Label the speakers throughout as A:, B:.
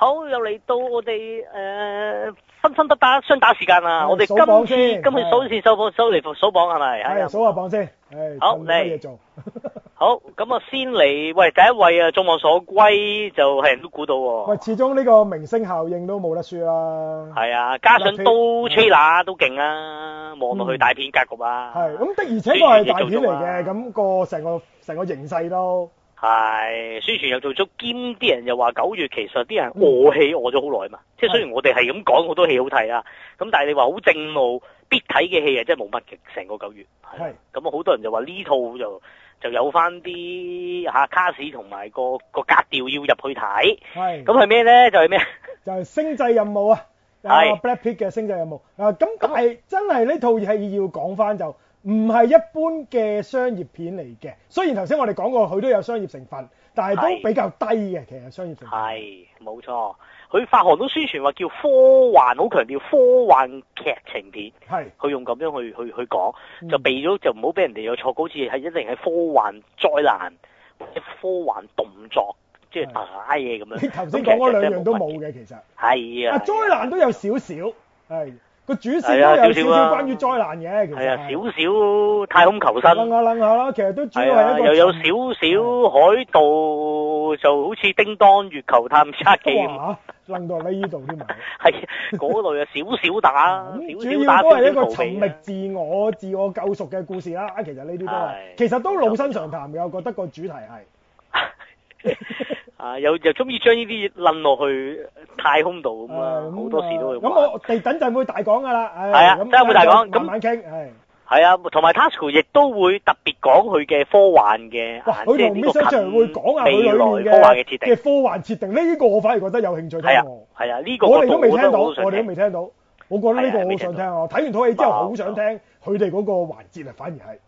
A: 好，又嚟到我哋誒分分得打雙打時間啊！哦、我哋今次今次數一次收貨收嚟數榜係咪？係啊，數下榜先。好嚟，哎、做好咁我先嚟喂第一位啊，眾望所歸就係人都估到喎。喂，
B: 始終呢個明星效應都冇得輸啦，
A: 係啊，加上都吹 t 都勁、嗯、啊，望落去大片格局啊！係
B: 咁的，的，而且確係大片嚟嘅，咁個成個成個形勢都。
A: 係宣傳又做咗兼，啲人又話九月其實啲人餓戲餓咗好耐嘛，嗯、即係雖然我哋係咁講好多戲好睇啊。咁是的 但係你話好正路必睇嘅戲啊，即係冇乜嘅成個九月係，咁啊好多人就話呢套就就有翻啲吓卡士同埋個個格調要入去睇係，咁係咩咧？就係、是、咩？
B: 就係星際任務啊，係 Brad Pitt 嘅星際任務的啊，咁係真係呢套戲要講翻就。唔係一般嘅商業片嚟嘅，雖然頭先我哋講過佢都有商業成分，但係都比較低嘅，其
A: 實商業成分係冇錯。佢發行都宣傳話叫科幻，好強調科幻劇情片，係佢是用咁樣去去去講，就避咗就唔好俾人哋有錯覺，好似係一定係科幻災難或者科幻動作即係、就是、打嘢咁樣。你頭先講嗰兩樣都冇嘅，其實係啊，災
B: 難都有少少係。個主線都有少少關於災難嘅，其實係啊，
A: 少少太空求生。諗
B: 下諗下啦，其實都主要係一個又有少
A: 少海盜，就好似叮當月球探測記嚇。
B: 諗到你呢度添埋。係嗰
A: 類啊，少少打， 嗯、少少打。主要都係一個尋覓
B: 自我、 自我救贖嘅故事啦。其實呢啲都係，的其實都老生常談嘅，我覺得個主題係。
A: 啊！又又中意將呢啲嘢掄落去太空度咁啊，好多時都會咁。我
B: 哋等陣會大講噶啦，係啊，真係會大講。慢慢傾，
A: 係。係啊，同埋 Tasuku 亦都會特別講佢嘅科幻嘅，即係呢個近未來科幻嘅設定嘅
B: 科幻設定咧。呢個我反而覺得有興趣睇。係啊，
A: 係啊，呢個我哋都未聽到，我哋都
B: 未聽到。我覺得呢個好想聽啊！睇完套戲之後，好想聽佢哋嗰個環節咧，反而係。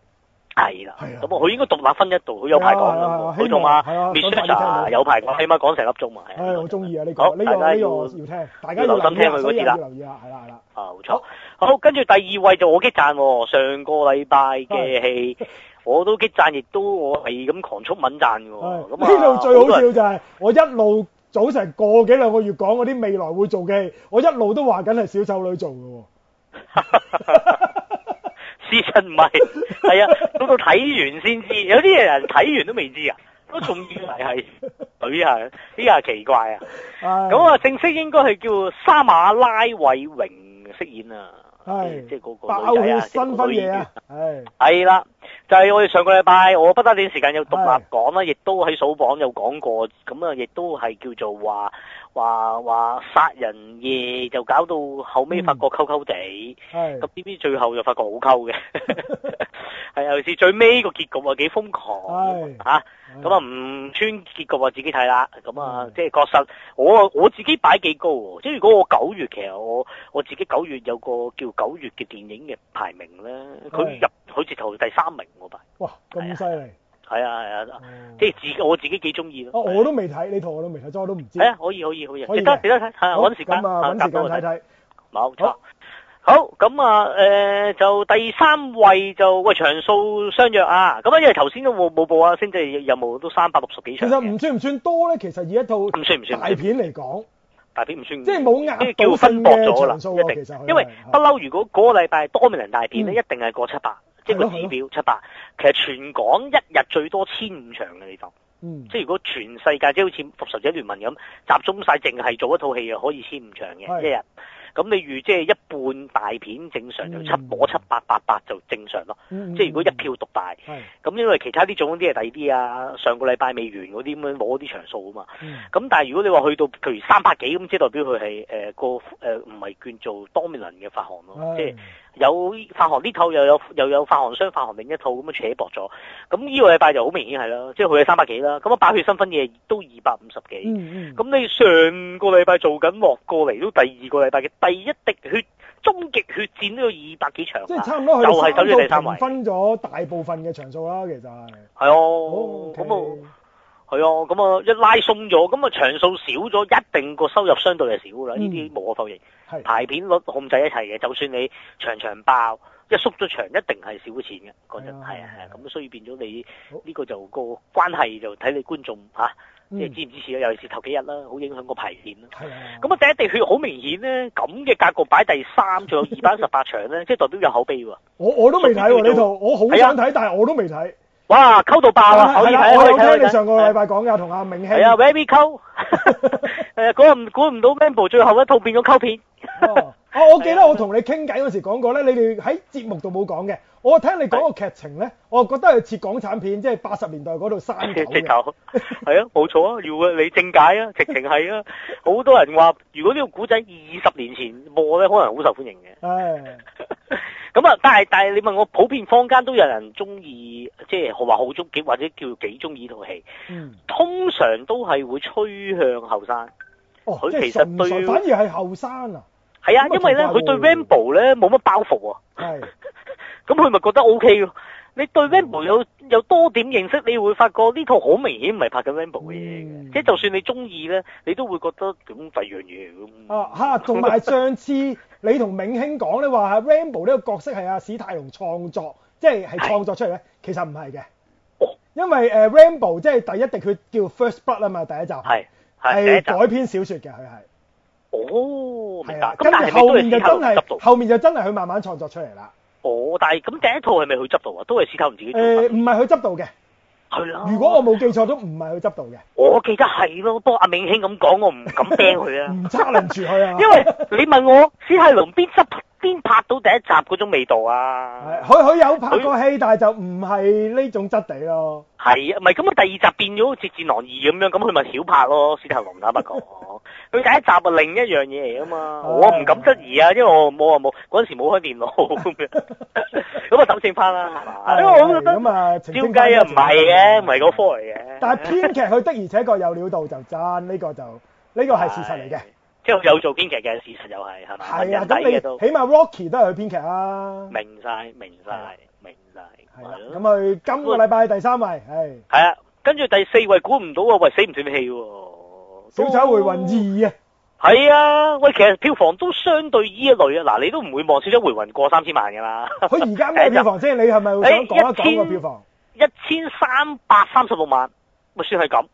B: 係啦，
A: 係啊，咁啊，佢應該獨立分一度，佢有排講噶喎，佢同阿
B: ，Mr. 有排講，起
A: 碼講成粒鐘埋。
B: 唉，我中意啊，你講，大
A: 家要要聽，大家
B: 要留心聽佢嗰啲啦，
A: 要留意啦，係啦，係啦。啊，冇錯。好，跟住第二位就我激讚喎，上個禮拜嘅戲，我都激讚，亦都我係咁狂速猛讚嘅喎。咁啊，呢度最好
B: 笑就係我一路早成個幾兩個月講嗰啲未來會做嘅戲，我一路都話緊係小丑女做嘅喎。
A: 啲親唔係，係 啊樂， 到到睇完先知，有啲嘢人睇完都未知啊，都仲以為係女啊，呢個奇怪啊。咁啊、哎嗯，正式應該係叫沙馬拉偉榮飾演啊，係、哎、即係嗰個女仔啊，即係個女係係啦，就係、是、我哋上個禮拜，我不得止時間有獨立講啦，亦都喺數榜有講過，咁啊，亦都係叫做話。話話殺人夜就搞到後尾發覺溝溝地，咁 B B 最後就發覺好溝嘅，係 尤其是最尾個結局瘋，的啊，幾瘋狂，吓咁啊唔穿結局啊自己睇啦。咁、嗯、啊的即係確實我我自己擺幾高，即係如果我九月其實我我自己九月有個叫九月嘅電影嘅排名咧，佢的入佢直頭第三名我排，
B: 哇咁犀利。
A: 係啊係啊，即係、啊啊、自我自己幾中意咯。我
B: 都未睇，你同我都未睇，我都唔知。係啊，可
A: 以可以可以。值得，值得，睇，我搵時間搵時間睇睇。冇錯。好，咁啊，誒、啊啊呃，就第三位就喂場數相約啊，咁啊，因為頭先都冇冇報啊，星際任務都三百六十幾場。其實唔算唔算多咧，其實以
B: 一套唔唔算，算大片嚟講，
A: 大片唔算，即係冇壓叫分薄咗啦，一定，因為不嬲，如果嗰個禮拜多名人大片咧，嗯、一定係過七百。即個指標七百，其實全港一日最多千五場嘅你就，嗯、即如果全世界即好似復仇者聯盟咁集中晒淨係做一套戲啊，可以千五場嘅是一日。咁你如即、就是、一半大片正常、嗯、就七攞七八八八就正常咯，嗯、即如果一票獨大，咁、嗯、因為其他啲種嗰啲係第二啲啊，上個禮拜美元嗰啲咁樣攞啲場數啊嘛。咁、嗯、但係如果你話去到譬如三百幾咁，即代表佢係誒個誒唔係專做多面 m 嘅發行咯，即、啊。有發行呢套又有又有發行商發行另一套咁樣扯薄咗，咁呢個禮拜就好明顯係啦，即係佢係三百幾啦，咁啊白血新分嘢都二百五十幾，咁、嗯嗯、你上個禮拜做緊落過嚟都第二個禮拜嘅第一滴血終極血戰都有二百幾場，即係差唔多第三位平
B: 分咗大部分嘅場數啦，其實係。
A: 係哦。好，咁啊。Okay. 係啊，咁啊一拉鬆咗，咁啊場數少咗，一定個收入相對就少啦。呢啲無可否認，嗯、排片率控制一齊嘅。就算你場場爆，一縮咗場，一定係少錢嘅嗰陣，係 啊係啊。咁所以變咗你呢、哦、個就、個關係就睇你觀眾吓，即係支唔支持啊、嗯知知？尤其是頭幾日啦，好影響個排片啦。咁啊第一滴血好明顯咧，咁嘅格局擺第三，仲有二百一十八場咧，即係代表有口碑喎。
B: 我、啊、我都未睇喎呢套，我好想睇，但係我都未睇。哇，溝到爆啊！可以睇，可以睇。你上個禮拜講嘅同阿銘係啊
A: very 溝，誒，估唔估唔到 member 最後一套變咗溝片。
B: 哦，我記得我同你傾偈嗰時講過咧，你哋喺節目度冇講嘅。我聽你講個劇情咧，的我覺得係似港產片，即係八十年代嗰度嘅，直
A: 頭，係啊，冇錯啊， 如果你正解啊，劇情係啊，好多人話如果呢個古仔二十年前播咧，可能好受歡迎嘅。
B: 唉的，
A: 咁啊， 但係但係你問我，普遍坊間都有人中意，即係話好中意或者叫幾中意呢套戲，嗯、通常都係會趨向後生。
B: 哦，佢其實對，反而係後生啊！
A: 係啊，因為咧佢對 Rambo 咧冇乜包袱啊，咁佢咪覺得 OK 咯？你對 Rambo 有有多點認識，你會發覺呢套好明顯唔係拍緊 Rambo 嘅嘢嘅，即係、嗯、就算你中意咧，你都會覺得咁第樣嘢咁。哦、啊，
B: 吓，同埋上次你同永興講咧，話阿 Rambo 呢個角色係阿史泰龍創作，即係係創作出嚟咧，的其實唔係嘅，哦、因為誒 Rambo 即係第一定佢叫 First Blood 啊嘛，第一集係改編小說嘅，
A: 佢係。哦，明白。咁但係後面就真係執
B: 到，後面就真係去慢慢創作
A: 出嚟啦。哦，但係咁第一套係咪佢執到啊？都係史太龍自己
B: 誒，唔係佢執到嘅。係
A: 啦。如果我冇記錯都唔係佢執到嘅。我記得係咯，不過阿銘兄咁講，我唔敢掟佢啊，唔差唔住佢啊。因為你問我，史太龍邊執？邊拍到第一集嗰種味道啊？佢
B: 佢有拍過戲，但係就唔係呢種質地咯。
A: 係啊，唔係咁啊。第二集變咗好似《戰狼二》咁樣，咁佢咪少拍咯。史泰龍坦白講，佢第一集係，另一樣嘢嚟啊嘛。我唔敢質疑啊，因為我冇啊冇，嗰陣時冇開電腦。咁啊，等正拍啦，係嘛？因為我覺得，
B: 咁啊，招雞啊，唔係嘅，唔係嗰
A: 科嚟嘅。但係編
B: 劇佢的而且確有料到，就真呢個就呢個係事實嚟嘅。
A: 即係有做編劇嘅事實又係係嘛？係啊，咁你起
B: 碼 Rocky 都係佢編劇啊。
A: 明晒，明晒，明晒。
B: 係，咁佢今個禮拜第三位，係。
A: 係啊，跟住第四位估唔到啊！喂，死唔斷氣喎，
B: 《小丑回魂二》啊。
A: 係啊，喂，其實票房都相對呢一類啊。嗱，你都唔會望《小丑回魂》過三千萬噶啦。
B: 佢而家咩票房先，你係咪想講一千個票房？
A: 一千三百三十六萬，咪算係咁。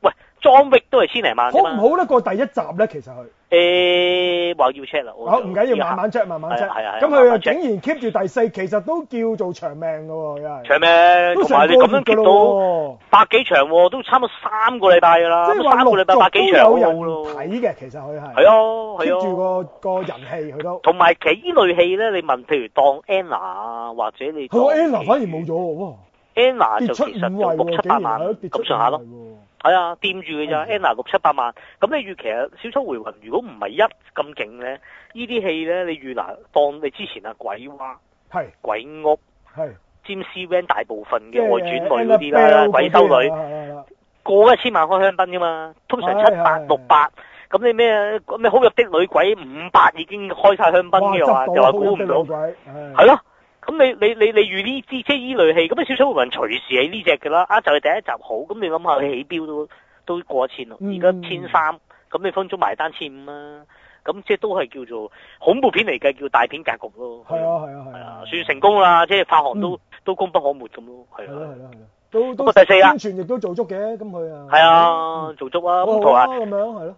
A: 喂。裝逼都係千零萬好唔好
B: 咧？過第一集咧，其
A: 實佢誒話要 check 啦，好唔緊
B: 要，慢慢 check，慢慢 check。係啊，咁佢又竟然 keep 住第四，其實都叫做長命噶，又係
A: 長命，同埋你咁樣 keep 到百幾場，都差唔多三個禮拜噶啦，即係三個禮拜百幾場都有。
B: 咯。睇嘅，
A: 其實佢係係啊 keep 住個個人氣，佢都同埋其呢類戲咧，你問譬如當 Anna 啊，或者你係啊
B: ，Anna 反而冇咗喎
A: ，Anna 跌出
B: 五位，又六
A: 七百萬，咁上下咯。係啊，掂住佢咋 Anna 六七百萬，咁你預期啊？小丑回魂如果唔係一咁勁咧，呢啲戲咧你預嗱，當你之前啊鬼娃係是鬼屋係占是 James Wan 大部分嘅外傳類嗰啲啦，L L 鬼修女過一千萬開香檳噶嘛，通常七百六百咁你咩咩好入的女鬼五百已經開晒香檳嘅話就話估唔到係咯。咁你你你你預呢支即係依類戲咁啊！小丑惡魂隨時喺呢隻㗎啦，啊就係第一集好，咁你諗下佢起標都都過千咯，而家千三，咁你分鐘埋單千五啦，咁即係都係叫做恐怖片嚟嘅，叫大片格局咯。係啊係啊係啊，對對對對算成功啦，即係發行都、嗯、都功不可沒咁咯，係啊係啊，係啦的，都都宣傳亦
B: 都做足嘅，咁佢啊
A: 係啊做足啊，咁同埋咁樣係咯，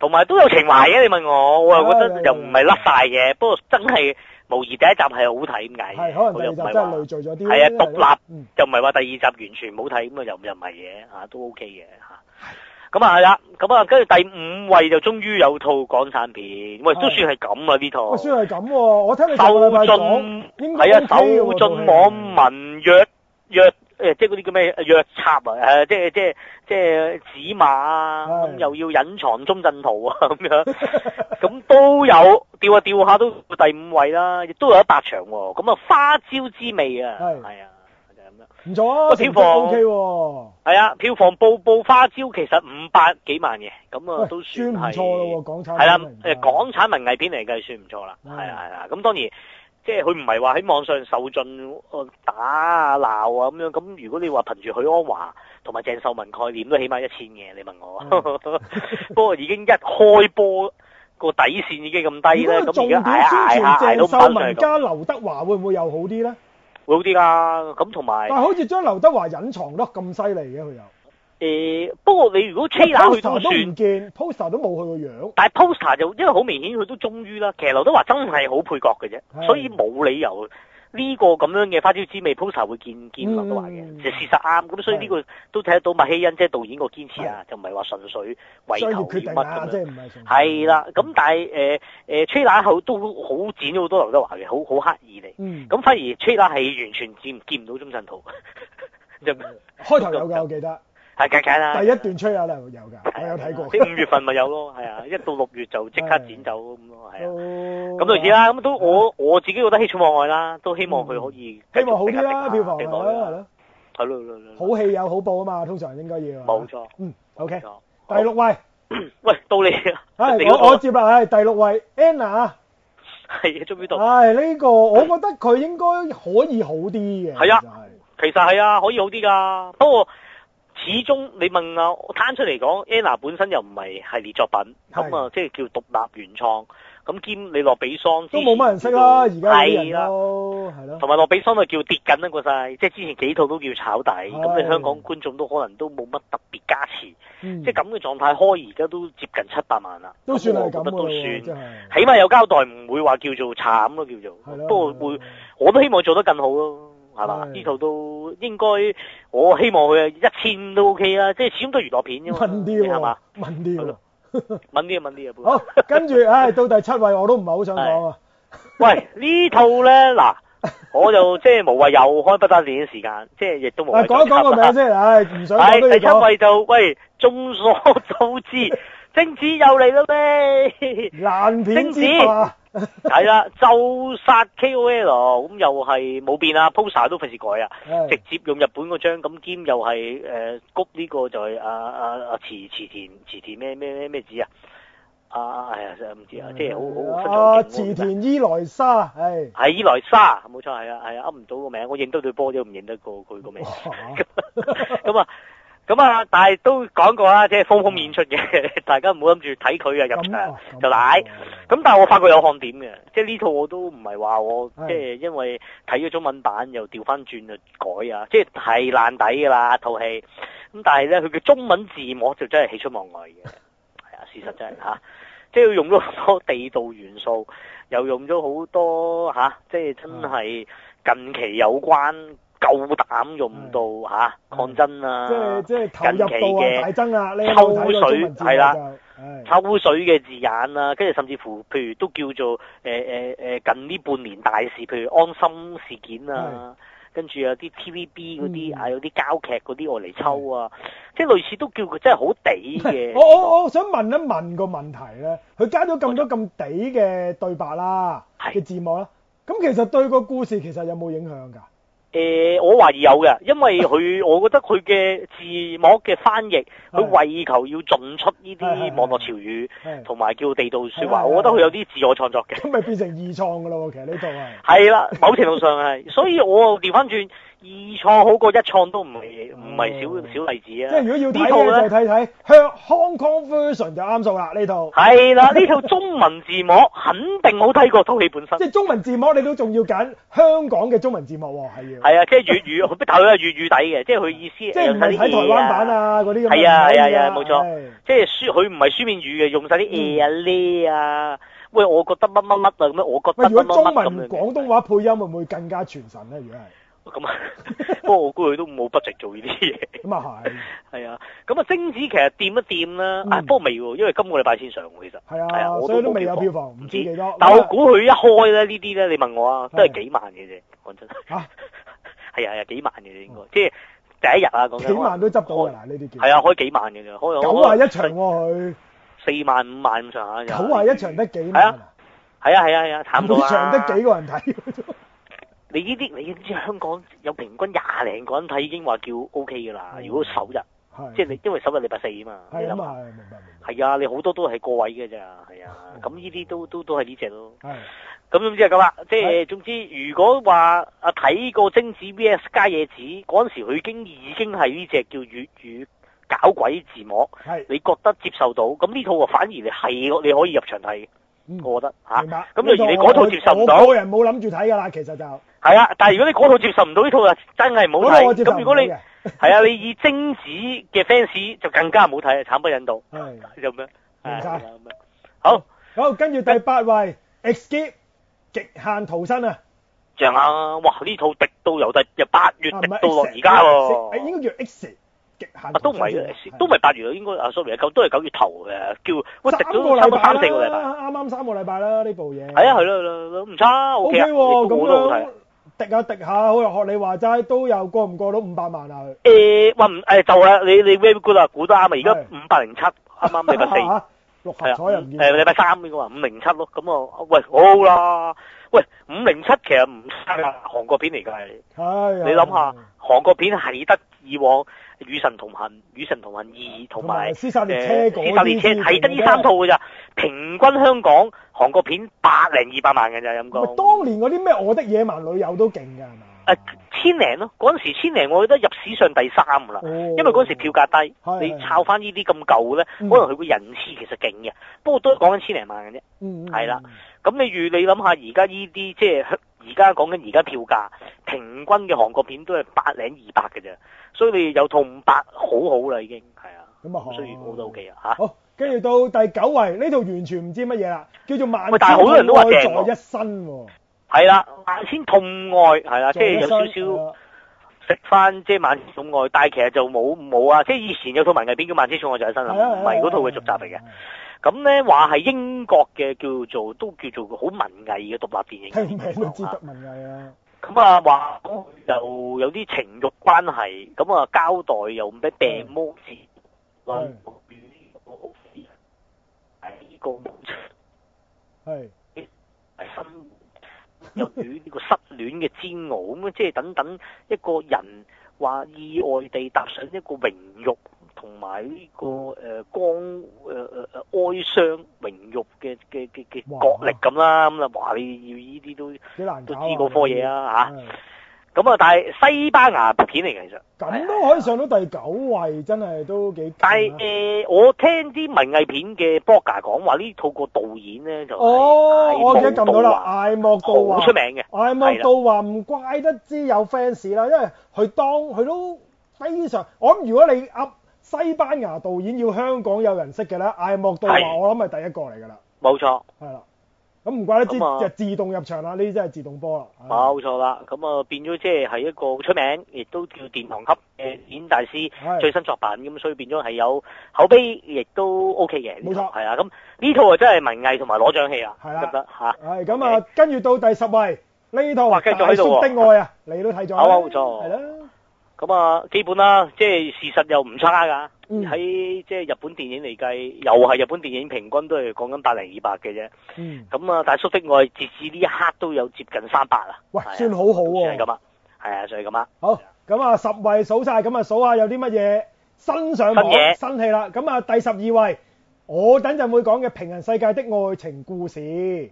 A: 同埋、嗯、都有情懷嘅、啊，你問我，我又覺得又唔係甩晒嘅，對對對不過真係。嗯 無疑第一集係好睇咁解
B: 嘅，我又唔係話係啊獨立，
A: 就唔係話第二集完全冇睇咁啊，又又唔係嘅，吓，都 OK 嘅吓。咁啊係啦，咁啊跟住第五位就終於有套港產片喂，都算係咁啊呢套，算
B: 係咁，我聽你首
A: 進網係啊首進網民約約。誒，即係嗰啲叫咩藥插啊，誒即係即係即係紙馬啊，咁又要隱藏中陣圖啊，咁樣咁都有掉下掉下都第五位啦，亦都有一百場喎。咁啊花椒之味啊，係啊，就係咁
B: 樣唔錯，票房 O K
A: 喎。係啊，票房報報花椒，其實五百幾萬嘅，咁啊都算係唔錯啦，誒，港產文藝片嚟計算唔錯啦，係啊係啊，咁當然。即係佢唔係話喺網上受盡打，打啊鬧啊咁樣，咁如果你話憑住許鞍華同埋鄭秀文概念都起碼一千嘅，你問我。不 過 已經一開波個底線已經咁低咧，咁而家捱捱捱，鄭秀文加
B: 劉德華會唔會又好啲咧？
A: 會好啲㗎，咁同埋但係好
B: 似將劉德華隱藏得咁犀利嘅佢又。
A: 誒、呃，不過你如果 Trailer 去算都算 p
B: 見，Poster 都冇佢個樣。
A: 但係 Poster 就因為好明顯，佢都忠於啦。其實劉德華真係好配角嘅啫，所以冇理由呢個咁樣嘅花椒滋味，Poster 會見見劉德華嘅，就事實啱。咁所以呢個都睇得到麥曦茵即係導演個堅持的啊，就唔係話純粹為求乜咁即係啦，咁的、嗯、但係誒、呃、誒 Trailer 後都好剪咗好多劉德華嘅，好好刻意嚟。嗯。咁反而 Trailer 係完全見不見唔到鐘鎮濤。 開頭有噶， 我記得。係近近啦，第
B: 一段吹下啦，有噶，我有睇過。啲五月份
A: 咪有咯，係啊，一到六月就即刻剪走咁咯，係啊。咁到時啦，咁都我我自己覺得喜出望外啦，都希望佢可以希望好啦，票房啦，係咯，好戲
B: 有好報啊嘛，通常應該要。冇錯，嗯，OK，
A: 第六位，喂，到你啊，我接
B: 啊，唉，第六位 Anna 啊，
A: 係啊，終於
B: 到。呢個，我覺得佢應該可以好啲嘅，係啊，
A: 其實係啊，可以好啲噶，不過。始終你問啊，攤出嚟講，Anna 本身又唔係系列作品，咁啊即係叫獨立原創，咁兼你落比桑，都冇乜人識啦。而家啲人，係咯，同埋落比桑又叫跌緊啊個勢，即係之前幾套都叫炒底，咁你香港觀眾都可能都冇乜特別加持，即係咁嘅狀態開而家都接近七百萬啦，都算係咁咯，真係，起碼有交代，唔會話叫做慘咯叫做，不過會，我都希望做得更好咯。係嘛？呢、啊、套都應該，我希望佢一千都 OK 啦，即係始終都娛樂片啫嘛，係嘛、啊？問啲㗎，啲嘅啲嘅。 好，
B: 跟住唉，到第七位我都唔係好想講啊。喂，套呢套咧嗱，
A: 我就即係無謂又開不打電影時間， 即係亦都冇、啊。講一講個名先，唉、哎，唔想講、哎、第七位就喂，眾所周知，貞子 又嚟啦咩？爛片貞子。係啦 2: 嗯，就殺 K O L，咁又係冇變啊，poster 都費事改啊，直接用日本嗰張，咁兼又係誒谷呢個就係阿阿阿池池田池田咩咩咩咩字啊？阿阿係啊，唔知啊，即係好好分咗勁。
B: 池田伊萊莎，
A: 係係伊萊莎，冇 錯，係啊係啊，噏唔到個名，我認到對波都唔認得過佢個名。咁啊！咁啊，但係都講過啦，即係風風演出嘅，大家唔好諗住睇佢啊，入場就瀨。咁但係我發覺有看點嘅，即係呢套我都唔係話我即係的因為睇咗中文版又調翻轉就改是是就啊，即係係爛底㗎啦套戲。咁但係咧，佢嘅中文字幕就真係喜出望外嘅，係啊事實真係吓，即係用咗好多地道元素，又用咗好多吓、啊，即係真係近期有關。夠膽用到吓抗爭啊，
B: 即係即係近期嘅大爭啊！抽水係啦，
A: 抽水嘅字眼啊，跟住甚至乎，譬如都叫做誒誒誒，近呢半年大事，譬如安心事件啊，跟住有啲 TVB 嗰啲啊，有啲交劇嗰啲我嚟抽啊，即係類似都叫佢真係好地嘅。我
B: 我我想問一問個問題咧，佢加咗咁多咁地嘅對白啦，嘅字幕啦，咁其實對個故事其實有冇影響噶？
A: 誒、呃，我懷疑有嘅，因為佢，我覺得佢嘅字幕嘅翻譯，佢 為求要進出呢啲網絡潮語，同埋叫地道説話，我覺得佢有啲自我創作嘅，咁
B: 咪變成二創噶咯，其實呢套係
A: 係啦，某程度上係，所以我調返轉。 二創好過一創都唔係唔係少少例子啊！即係如果要睇咧，就睇
B: 睇《香 Hong Kong Version》就啱數啦。呢套係啦，呢套
A: 中文字幕肯定冇睇過偷戲本身。即係
B: 中文字幕，你都仲要揀香港嘅中文字幕喎。
A: 係啊，係啊，即係粵語，不睇啦，粵語底嘅，即係佢意思，即係唔係睇台灣版啊
B: 嗰啲咁啊？係啊係啊係啊，冇
A: 錯。即係書，佢唔係書面語嘅，用晒啲嘢啊呢啊。喂，我覺得乜乜乜啊咁樣，我覺得如果中文
B: 廣東話配音會唔會更加傳神咧？如果係？
A: 咁啊，不過我估佢都冇不值做呢啲嘢。咁啊係，係啊，咁啊，星子其實掂一掂啦，不過未喎，因為今個禮拜先上其實。係啊，係啊，所以都未有票房，唔知幾多。但我估佢一開咧呢啲咧，你問我啊，都係幾萬嘅啫，講真。嚇，係啊係啊，幾萬嘅啫，應該，即係第一日啊講緊。幾萬都
B: 執到。嗱呢啲叫。係啊，開
A: 幾萬嘅啫，開九啊一場喎佢。四萬五萬咁上下有。
B: 九啊一場得幾？
A: 係啊，係啊係啊，慘到啊。一場得幾個人睇？你呢啲，你知香港有平均廿零個人睇，已經話叫 OK 噶啦。如果首日，即係你，因為首日禮拜四啊嘛，你諗啊，係啊，你好多都係個位嘅咋，係啊。咁呢啲都都都係呢隻咯，咁總之係咁啦。即係總之，如果話阿睇過貞子 VS 伽椰子嗰陣時，佢已經已經係呢隻叫粵語搞鬼字幕，你覺得接受到，咁呢套反而你係你可以入場睇，我覺得嚇。明白咁，而你嗰套接受唔到，我個人
B: 冇諗住睇噶啦，其實就。
A: 係啊，但係如果你嗰套接受唔到呢套啊，真係冇睇。咁如果你係啊，你以貞子嘅 fans 就更加唔好睇啊，慘不忍睹。係就咩？完晒。
B: 好，好，跟住第八位 Escape 極限逃生啊！
A: 正啊，哇！呢套滴到由得，由八月滴到落而家喎。
B: 誒，應該叫 X 極
A: 限。都唔係都唔係八月啊，應該啊，sorry 都係九月頭誒，叫。我滴咗三個禮拜啱
B: 啱三個禮拜啦呢部嘢。係啊
A: 係啦係唔差，OK 啊我都好睇。
B: 滴下滴下，好又學你話齋都有過唔過到五百萬啊？誒、欸，
A: 喂唔誒，就啊，你你 very good 啊，估得啱啊，而家五百零七啱啱禮拜四六係啊。誒、呃，禮拜三邊個話五零七咯？咁啊，喂，好啦。喂，五零七其實唔差噶，韓國片嚟㗎。係，你諗下，韓國片係得以往《與神同行》、《與神同行二》同埋《屍殺列車》講嗰啲。屍殺列車係得呢三套㗎咋，平均香港韓國片百零二百萬㗎咋咁講。咪
B: 當年嗰啲咩《我的野蠻女友》都勁㗎係誒
A: 千零咯，嗰陣時千零，我覺得入史上第三啦。因為嗰陣時票價低，你湊翻呢啲咁舊咧，可能佢個人次其實勁嘅。不過都講緊千零萬嘅啫。嗯。係啦。咁你預你諗下而家依啲即係而家講緊而家票價平均嘅韓國片都係百零二百嘅啫，所以你有套五百好好啦已經，係、嗯、啊，咁啊、就是、好，好，雖然我都 OK 啊嚇。好，
B: 跟住到第九位呢套、啊、完全唔知乜嘢啦，叫做《萬千寵愛在一身》喎對。係啦、就是，萬
A: 千寵愛係啦，即係有少少食翻即係萬千寵愛，但係其實就冇冇啊，即係以前有套文藝片叫《萬千寵愛在一身》，唔係嗰套嘅續集嚟嘅。咁咧，話係英國嘅叫做，都叫做好文藝嘅獨立電影，電影。我唔知得文藝啊。咁啊，話又有啲情欲關係，咁啊交代又唔俾病魔事。係。係。係失，又戀呢、
B: 這
A: 個失戀嘅煎熬，咁、啊、即係等等一個人話意外地踏上一個榮譽。同埋呢個誒光誒誒誒哀傷榮辱嘅、嘅、嘅嘅角力咁啦，咁啊話你要呢啲都幾
B: 難，都知嗰科嘢啦
A: 嚇。咁啊，啊但係西班牙片嚟嘅，其實
B: 咁都可以上到第九位，的真係都幾。但係、呃、
A: 我聽啲文藝片嘅 blogger 講話，呢套個導演咧就是、哦，
B: 是部 我記得撳到啦華，艾莫導好出名嘅，艾莫導話唔怪，不怪不得知有 fans 啦，因為佢當佢都非常，我諗如果你西班牙導演要香港有人識嘅咧，艾莫杜華我諗係第一個嚟噶
A: 啦，冇錯，係啦，咁唔
B: 怪得之就自動入場啦，呢啲真係自動波啦，冇
A: 錯啦，咁啊變咗即係係一個好出名，亦都叫殿堂級嘅演大師最新作品，咁所以變咗係有口碑，亦都 OK 嘅，冇錯，係啊，咁呢套啊真係文藝同埋攞獎戲啊，覺得吓，
B: 係咁啊，跟住到第十位呢套大叔的愛啊，你都睇咗啦，冇錯，係啦。
A: 咁啊，基本啦，即係事實又唔差噶。喺即係日本電影嚟計，又係日本電影平均都係講緊百零二百嘅啫。咁啊、嗯，大叔的愛截至呢一刻都有接近三百喂啊。喂、啊啊，算好好喎。係咁啊，係啊，算係咁啊。
B: 好，咁啊，十位數晒，咁啊，數下有啲乜嘢新上嘅新戲啦。咁啊，第十二位，我等陣會講嘅《平行世界的愛情故事》。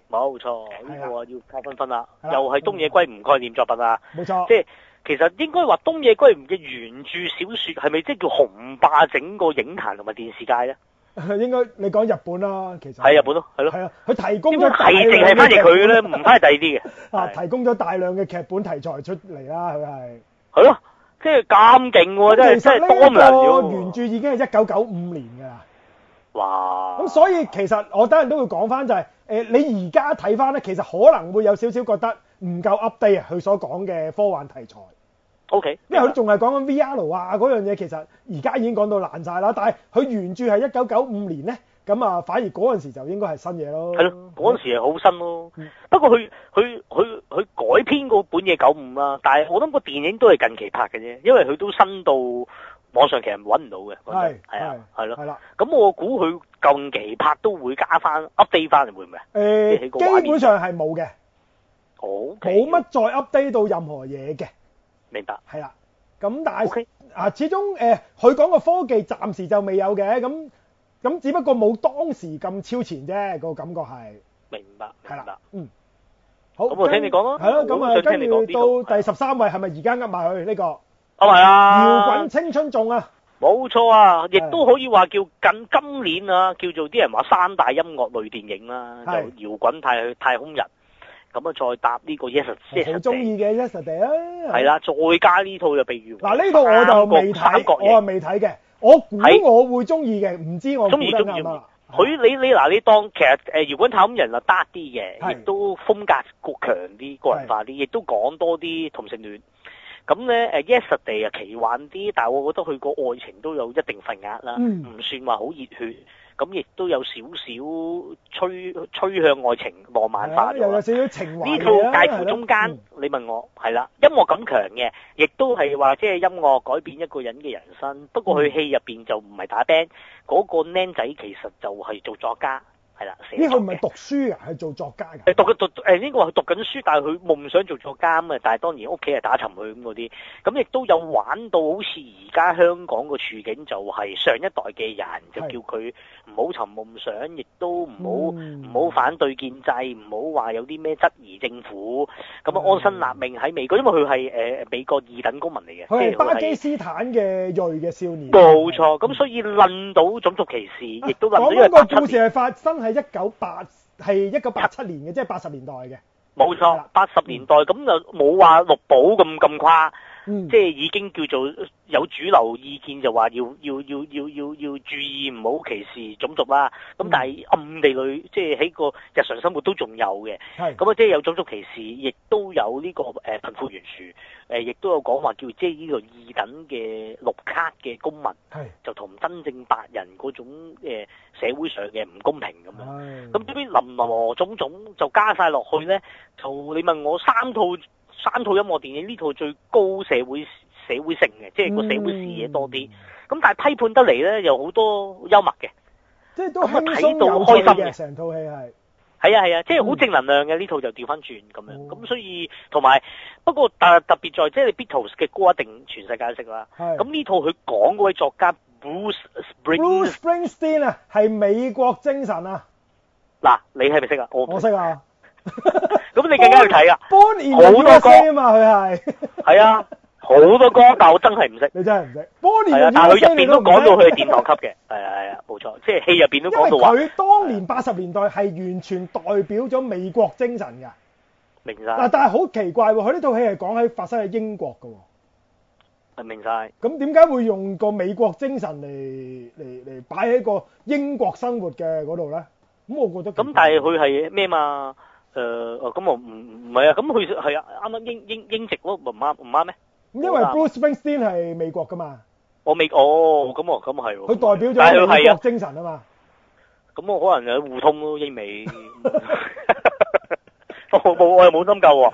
A: 冇錯，呢、啊、個要加分分啦。啊、又係東野圭吾概念作品啊。冇錯，即係。其實應該話東野圭吾嘅原著小說係咪即係叫紅霸整個影壇同埋電視界咧？
B: 應該你講日本啦，其實係日
A: 本咯，係咯。係啊，佢提
B: 供咗提淨係反而佢咧唔係第二啲嘅啊，提供咗大量嘅劇本題材出嚟啦。佢係係咯，
A: 即係咁勁喎！即係即係，呢個原
B: 著已經係一九九五年噶啦。
A: 哇！
B: 咁所以其實我等人都會講翻就係誒，你而家睇翻咧，其實可能會有少少覺得唔夠 update 啊，佢所講嘅科幻題材。O K，因為佢仲係講緊 V R 啊，嗰樣嘢其實而家已經講到爛晒啦。但係佢原著係一九九五年咧，咁啊反而嗰陣時就應該係
A: 新嘢咯。係咯，嗰陣時係好新咯。不過佢佢佢佢改編嗰本嘢九五啊，但係我諗個電影都係近期拍嘅啫，因為佢都新到網上其實揾唔到嘅。係係啊，係咯。係啦。咁我估佢近期拍都會加翻 update 翻嚟，會唔會啊？誒，基本
B: 上係冇嘅。
A: O K。
B: 冇乜再 update 到任何嘢嘅。明白，係啦，咁但係啊，始終誒，佢講嘅科技暫時就未有嘅，咁咁只不過冇當時咁超前啫，個感覺係。
A: 明白，係啦，嗯，好，咁我聽你講咯，係啊，咁啊，跟住到
B: 第十三位係咪而家噏埋去呢個？
A: 係咪啊？搖滾
B: 青春頌啊！
A: 冇錯啊，亦都可以話叫近今年啊，叫做啲人話三大音樂類電影啦，就搖滾太太空人。咁啊，再搭呢個 Yesterday 好中意
B: 嘅 Yesterday 啊，係，yes，
A: 啦，再加呢套就被譽。嗱，呢套、啊、我就未睇，
B: 我未睇嘅。我估我會中意嘅，唔是知我中意中意
A: 佢你你嗱，你當其實誒葉問探人啊，得啲嘅，亦都風格個強啲，個人化啲，亦是都講多啲同性戀。咁咧誒，Yesterday 啊，yes，奇幻啲，但係我覺得佢個愛情都有一定份額啦，唔、嗯、算話好熱血。咁亦都有少少趨趨向愛情浪漫化咗，有
B: 少少情懷，呢套介乎中間。嗯、
A: 你問我係啦，音樂感強嘅，亦都係話即係音樂改變一個人嘅人生。不過佢戲入邊就唔係打 band，嗰個僆仔其實就係做作家。係啦，呢
B: 個唔係讀書啊，係做作家
A: 嘅？誒 讀佢讀誒呢個話佢讀緊書，但係佢夢想做作家啊嘛。但係當然屋企係打沉佢咁，嗰啲，咁亦都有玩到好似而家香港個處境，就係上一代嘅人就叫佢唔好尋夢想，亦是都唔好唔好反對建制，唔好話有啲咩質疑政府，咁啊安身立命喺美國，因為佢係誒美國二等公民嚟嘅。是佢係巴基
B: 斯坦嘅裔嘅少年。冇
A: 錯，咁所以論到種族歧視，亦都論到因為個故
B: 事係發生係一九八，係一九八七年嘅，即係八十年代嘅。
A: 冇錯，八十了年代咁就冇話六寶咁咁誇。嗯、即係已經叫做有主流意見就話要要要要要要注意唔好歧視種族啦。咁、嗯、但係暗地裏即係喺個日常生活都仲有嘅。係是。咁啊，即係有種族歧視，亦都有呢、這個誒貧、呃、富懸殊。誒、呃，亦都有講話叫即係呢個二等嘅綠卡嘅公民，係是就同真正白人嗰種、呃、社會上嘅唔公平咁樣。咁呢邊林林和種種就加晒落去咧，就你問我三套。三套音樂電影，呢套最高社會社會性嘅，即係個社會視野多啲。咁但係批判得嚟咧，又好多幽默嘅。
B: 即係都睇到好開心嘅，成套戲
A: 係。係啊係啊，啊嗯、即係好正能量嘅呢套就調翻轉咁樣。咁、哦、所以同埋不過特特別在即係你 Beatles 嘅歌一定全世界識啦。咁呢是套佢講嗰位作家 Bruce Springsteen, Bruce
B: Springsteen 啊，係美國精神啊。
A: 嗱，你係咪識啊？我我識啊。咁你更加去睇啊！Bonie 好多歌啊嘛，佢係係啊，好多歌，但我真係唔識。你真係唔
B: 識？係啊，但係佢入邊都講到佢殿堂
A: 級嘅，係啊係啊，冇錯。即係戲入邊都講到佢
B: 當年八十年代係完全代表咗美國精神嘅
A: 明晒嗱，但係
B: 好奇怪，佢呢套戲係講喺發生喺英國嘅明晒咁點解會用個美國精神嚟嚟嚟擺喺個英國生活嘅嗰度咧？咁我覺得
A: 咁，但係佢係咩嘛？誒誒，咁我唔唔係啊！咁佢係啊，啱啱英英英籍咯，唔啱唔啱咩？
B: 因為 Bruce Springsteen 係美國㗎嘛，
A: 我美哦，咁啊咁啊係喎，佢代表咗係美國精神啊嘛。咁我可能有互通咯，英美。我冇，我又冇諗夠喎。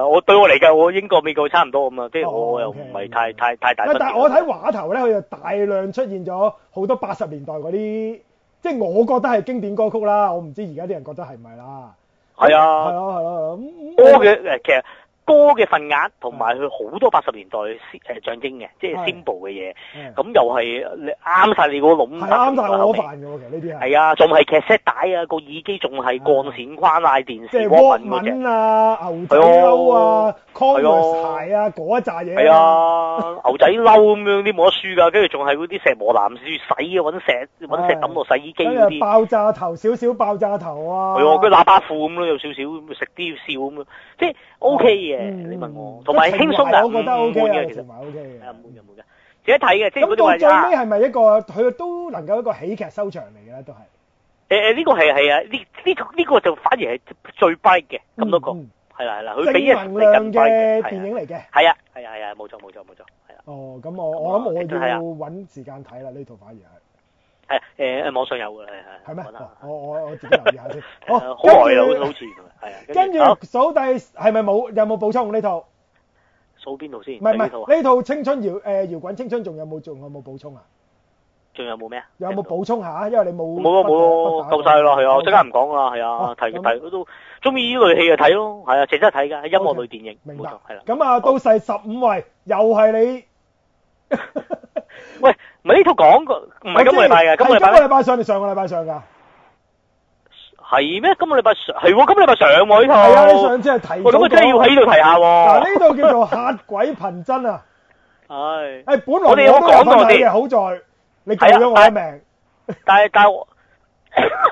A: 誒，我對我嚟㗎，我英國美國差唔多咁啊，即係我又唔係太太太大分。但係我
B: 睇畫頭咧，佢就大量出現咗好多八十年代嗰啲，即係我覺得係經典歌曲啦。我唔知而家啲人覺得係唔係啦。係啊，係啊，
A: 係啊，係啊，咁，我嘅誒，其實。歌嘅份額同埋佢好多八十年代誒象徵嘅，即係 symbol 嘅嘢，咁又係啱晒你個籠。係啱晒我個範
B: 呢啲係。
A: 係啊，仲係劇 set 帶啊，個耳機仲係鋼線框啊，電視 wave 紋
B: 啊，牛仔褸啊，converse 鞋啊，嗰一紮嘢。係啊，
A: 牛仔褸咁樣啲冇得輸㗎，跟住仲係嗰啲石磨藍樹洗啊，揾石揾石揼落洗衣機呢啲。
B: 爆炸頭少少，爆炸頭啊。係啊，嗰啲喇叭
A: 褲咁咯，有少少食啲笑咁樣，即係 OK 嘢。嗯，同埋輕鬆，我覺得 O K 嘅，其實唔係 O K 嘅，
B: 啊冇嘅冇
A: 嘅，自己睇嘅。咁到最尾係
B: 咪一個佢都能夠一個喜劇收場嚟嘅都係？
A: 誒誒，呢個係係啊，呢呢個呢個就反而係最 best 嘅，咁多個，係啦係啦，佢比一層嘅電影嚟嘅，係啊係啊係啊，冇錯冇錯
B: 冇錯，係啦。哦，咁我我諗我要揾時間睇啦，呢套反而係。
A: 係誒，網上有嘅係係。係咩？我我我自己留意下先。哦，好耐啊，好似係啊。
B: 跟住數第係咪冇有冇補充呢套？
A: 數邊度先？唔係唔係呢
B: 套《青春搖》誒搖滾青春，仲有冇仲有冇補充啊？
A: 仲有冇咩
B: 啊？有冇補充下啊？因為你冇冇冇夠晒咯，係啊，我即刻唔
A: 講啦，係啊，睇睇都中意呢類戲就睇咯，係啊，成日睇噶，係音樂類電影，冇錯，係啦。
B: 咁啊，到晒十五位，又係你。
A: 喂。呢套講過唔
B: 係今個禮拜嘅，今個禮拜，拜
A: 上你上個禮拜上噶？係咩、啊？今個禮拜上係、啊？今個禮拜上喎呢套？係啊，上次係提早真係要喺呢度睇下。嗱，呢
B: 套叫做吓鬼貧真啊！
A: 係、 啊，係本來我都講過啲好
B: 在你救咗我命？
A: 得得我。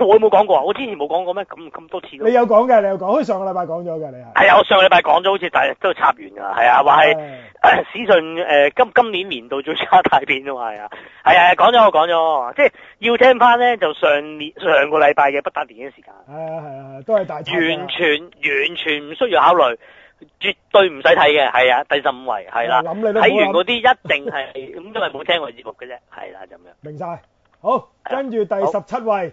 A: 我冇講過啊！我之前冇講過咩？
B: 咁咁多次都你有講嘅，你有講。好上個禮拜講咗嘅你啊，係
A: 啊，我上個禮拜講咗，好似大家都插完㗎，係啊，話係史上誒今今年年度最差大片啊嘛，係啊，係啊，講咗我講咗，即係要聽翻咧，就上上個禮拜嘅不打電影時間。係啊係啊，都係大。完全完全唔需要考慮，絕對唔使睇嘅，係啊，第十五位係啦，睇完嗰啲一定係咁，因為冇聽過節目嘅啫，係啦，咁樣
B: 明晒。好，跟住第十七位。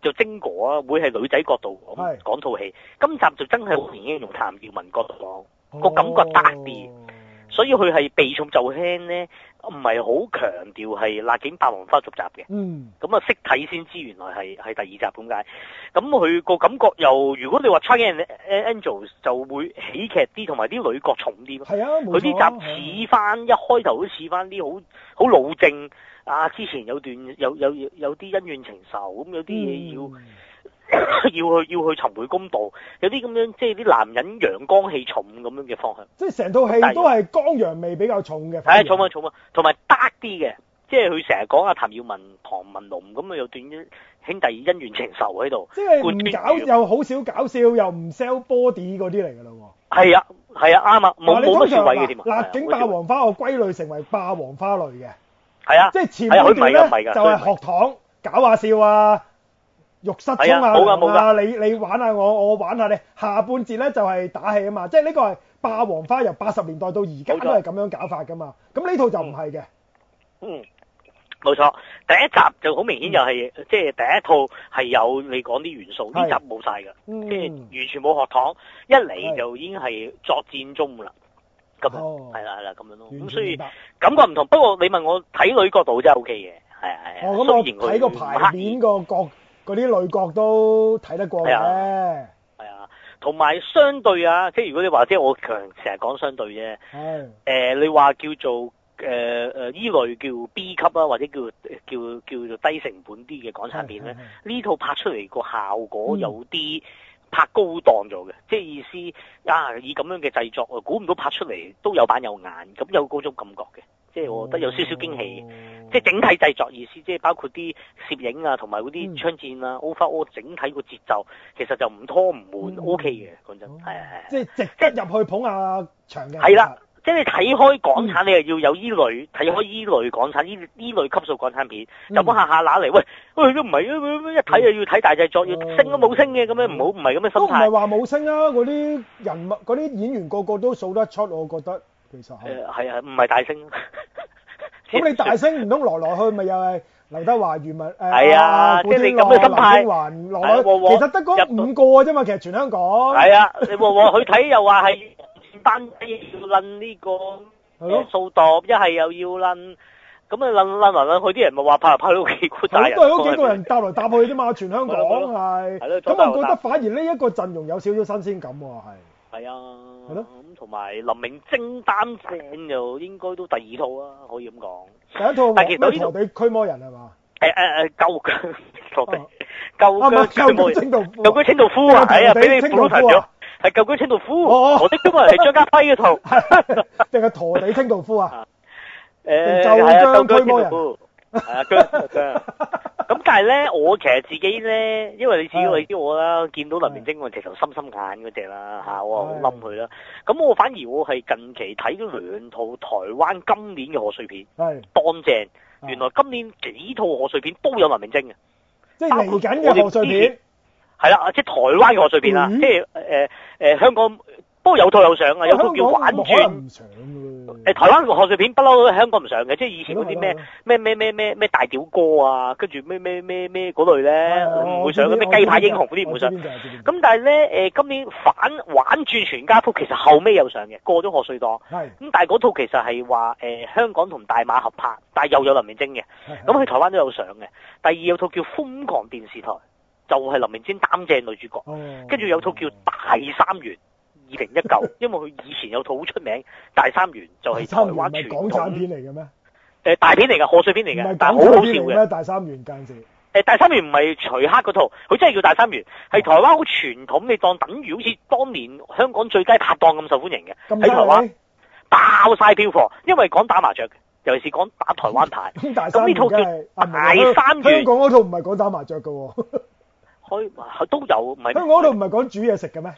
A: 就精果啊，會係女仔角度咁講套戲。是今集就真係好明顯用譚耀文角度講，個、哦、感覺特別。所以佢係避重就輕咧，唔係好強調係《辣警霸王花》續集嘅。嗯。咁啊，識睇先知，原來係係第二集咁解。咁佢個感覺又，如果你話《Charlie's Angels》就會喜劇啲，同埋啲女角重啲咯。係啊，冇錯。佢呢集似翻係啊，一開頭都似翻啲好好老正啊！之前有段有有有啲恩怨情仇咁，有啲嘢要。嗯要去要去尋回公道，有啲咁樣，即係啲男人陽光氣重咁樣嘅方向。
B: 即係成套戲都係光陽味比較重嘅。係，重啊，
A: 重啊，同埋得啲嘅，即係佢成日講啊譚耀文、唐文龍咁啊，有段兄弟恩怨情仇喺度。即係唔搞
B: 又好少搞笑，又唔 sell body 嗰啲嚟噶啦。
A: 係啊，係啊，啱啊。嗱，你通常嗱，辣
B: 警霸王花我歸類成為霸王花類嘅。係啊。即係前半段咧，就係學堂搞下笑啊。肉塞中啊，冇啊你你玩下我，我玩下你。下半節咧就係打戲啊嘛，即係呢個係霸王花由八十年代到而家都係咁樣搞法噶嘛。咁呢套就唔係嘅。
A: 嗯，冇錯，第一集就好明顯又係即係第一套係有你講啲元素，呢集冇晒噶，即係完全冇學堂，一嚟就已經係作戰中啦。咁係啦係啦咁樣咯。咁所以感覺唔同。不過你問我睇女角度真係 OK 嘅，係啊係啊。哦，咁我睇個牌面
B: 個角。嗰啲類角都睇得過嘅，係啊，
A: 同埋、啊、相對啊，即係如果你話，即係我強成日講相對啫，係、啊呃、你話叫做誒誒依類叫 B 級啊，或者叫叫叫，叫做低成本啲嘅港產片咧，呢、啊啊啊、套拍出嚟個效果有啲拍高檔咗嘅，嗯、即係意思啊，以咁樣嘅製作啊，估唔到拍出嚟都有板有眼，咁有嗰種感覺嘅。即係我覺得有少少驚喜，即係整體製作意思，即係包括啲攝影啊，同埋嗰啲槍戰啊，overall 整體個節奏其實就唔拖唔悶，OK 嘅，講真。係
B: 啊係。即係即即入去捧下場嘅。係啦，
A: 即係你睇開港產，你係要有依類睇開依類港產呢依類級數港產片，就唔好下下揦嚟，喂喂都唔係，一睇就要睇大製作，要升都冇升嘅咁樣，唔好唔係咁嘅心態。都唔係話
B: 冇升啦，嗰啲人物嗰啲演員個個都數得出，我
A: 覺得。其實係，係啊，唔係大星。咁你大星
B: 唔通來來去去咪又係劉德華、余文誒，係啊，即係你咁啊今派。
A: 劉德華，其實
B: 得嗰五個啫嘛，其實全香港。係啊，你旺旺去
A: 睇又話係單機要掄呢個，
B: 係咯，
A: 掃蕩一係又要掄，咁啊掄掄來掄去，啲人咪話派嚟派去幾股大。咁都係嗰幾個人
B: 搭來搭去啫嘛，全香港係。係咯。咁我覺得反而呢一個陣容有少少新鮮感喎，係。係啊。係
A: 咯。同埋林明禎擔正就應該都第二套啊，可以咁講。
B: 第一套係陀地
A: 驅魔人係嘛？誒誒誒，救殭，上帝，救殭，陀地驅魔人，救殭清道夫啊！哎呀，俾你糊佬神咗，係救殭清道夫，我啲都咪嚟張家輝嘅套，
B: 定係陀地清道夫啊？
A: 誒，救殭驅魔人，係啊，殭殭。咧我其實自己咧，因為你自己，你知我啦，見到林明禎我直頭心心眼嗰隻啦嚇，我好冧佢啦。咁我反而我係近期睇咗兩套台灣今年嘅賀歲片，當正原來今年幾套賀歲片都有林明禎嘅，包括我哋之前係啦，即係台灣嘅賀歲片啊，嗯、即係誒誒香港，都有套有相啊，嗯、有套叫《玩轉》。台灣賀歲片不嬲香港唔上嘅，即係以前嗰啲咩咩咩咩咩咩大屌哥啊，跟住咩咩咩咩嗰類咧，唔會上嘅咩雞排英雄嗰啲唔會上。咁、嗯、但係咧誒，今年反玩住全家福，其實後尾有上嘅，過咗賀歲檔。咁的但係嗰套其實係話誒香港同大馬合拍，但係又有林明晶嘅。咁喺的台灣都有上嘅。第二有套叫《瘋狂電視台》，就係、是、林明晶擔正女主角。跟住有套叫《大三元》。二零一九， 因為佢以前有套好出名《大三元》，就係台灣港產片嚟嘅咩？誒大片嚟嘅，賀歲片嚟嘅，但係好好笑嘅。《
B: 大三元》？
A: 誒，《大三元》唔係徐克嗰套，佢真係叫《大三元》，係台灣好傳統，你當等於好似當年香港最佳拍檔咁受歡迎嘅。喺台灣爆晒票房，因為講打麻雀嘅，尤其是講打台灣牌。咁呢 三元 套叫《大三元》。啊、元香港
B: 嗰套唔係講打麻雀
A: 嘅喎。 都有。 香港
B: 嗰套唔係講煮嘢食嘅咩？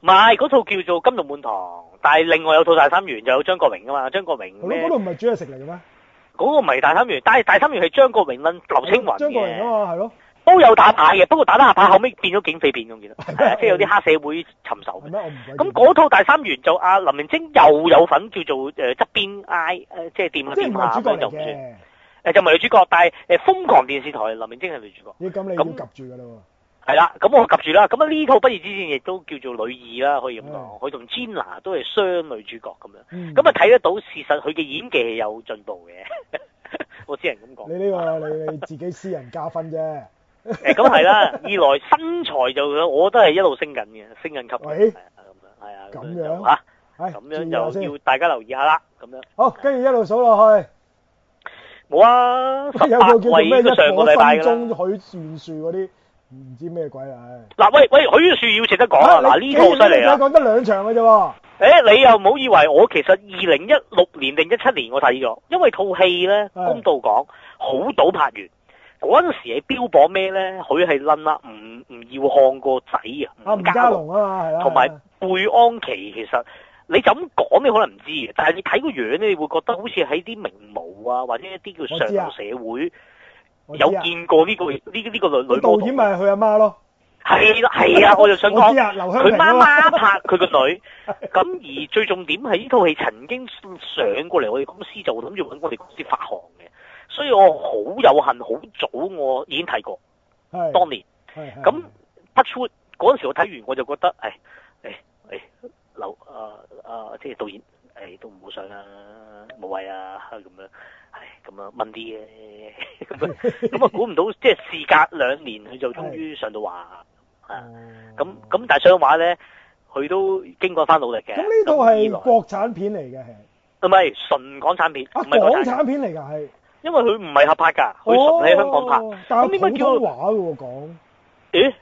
A: 唔係，嗰套叫做《金玉滿堂》，但係另外有套《大三元》，就有張國榮噶嘛。張國榮咩？嗰套唔
B: 係主要食嚟
A: 嘅咩？嗰、 嗰個唔係大三元，但係大三元係張國榮搵劉青雲嘅。張國榮啊嘛，係咯。都有打牌嘅， 不過打打下牌後尾變咗警匪片，我記得。即係有啲黑社會尋仇。咁嗰套《大三元》就阿林明晶又有份，叫做誒側邊挨誒、呃，即係掂嗰啲馬，咁就唔算。誒、 呃，就唔係女主角，但係誒瘋狂電視台林明晶係女主角。
B: 咦，咁你都夾住噶啦？
A: 係啦，咁我夾住啦。咁啊呢套《畢業之戰》亦都叫做女二啦，可以咁講。佢同 Jenna 都係雙女主角咁樣。咁啊睇得到，事實佢嘅演技係有進步嘅。我私人咁
B: 講。你呢個你自己私人加分啫。
A: 誒，咁係啦。二來身材就，我都得係一路升緊嘅，升緊級。喂。係啊，
B: 咁樣。咁樣就吓，咁樣就要大
A: 家留意下啦。咁樣。
B: 好，跟住一路數落去。
A: 冇啊。有個叫做咩一火分分鐘許
B: 算數啲。唔知咩鬼啊！嗱喂喂，許
A: 樹要值得講啊！嗱呢套犀利啊！你而家講得兩場嘅啫。誒、欸，你又唔好以為我其實二零一六年定一七年我睇呢，因為套戲咧公道講好早拍完。嗰陣的時係標榜咩咧？許係捻啦，唔唔要看個仔啊，吳家龍
B: 啊同埋
A: 貝安琪，其實你就咁講，你可能唔知，但係你睇個樣咧，你會覺得好似喺啲名模啊，或者一啲叫上流社會。啊、有見過呢、這個呢呢、啊這個這個女女哥，導演
B: 咪係佢阿媽咯，
A: 係咯係啊！我就想講，佢媽媽拍佢個女，咁 而最重點係呢套戲曾經上過嚟我哋公司，就諗住搵我哋公司發行嘅，所以我好有幸，好早我已經睇過，係是當年，咁不出 t c 嗰時我睇完我就覺得，誒誒誒，劉啊啊、呃呃，即係導演。誒都唔好上啦，冇謂啊咁樣，唉咁樣問啲嘅、啊，咁啊咁啊估唔到，即係事隔兩年佢就終於上到話的啊，咁咁但係相反咧，佢都經過翻努力嘅。咁呢套係國產片嚟嘅，係唔咪？純港產片？唔係國產片嚟㗎係，因為佢唔係合拍㗎，佢純喺香港拍，咁係點解叫
B: 話嘅講、
A: 啊？咦、欸？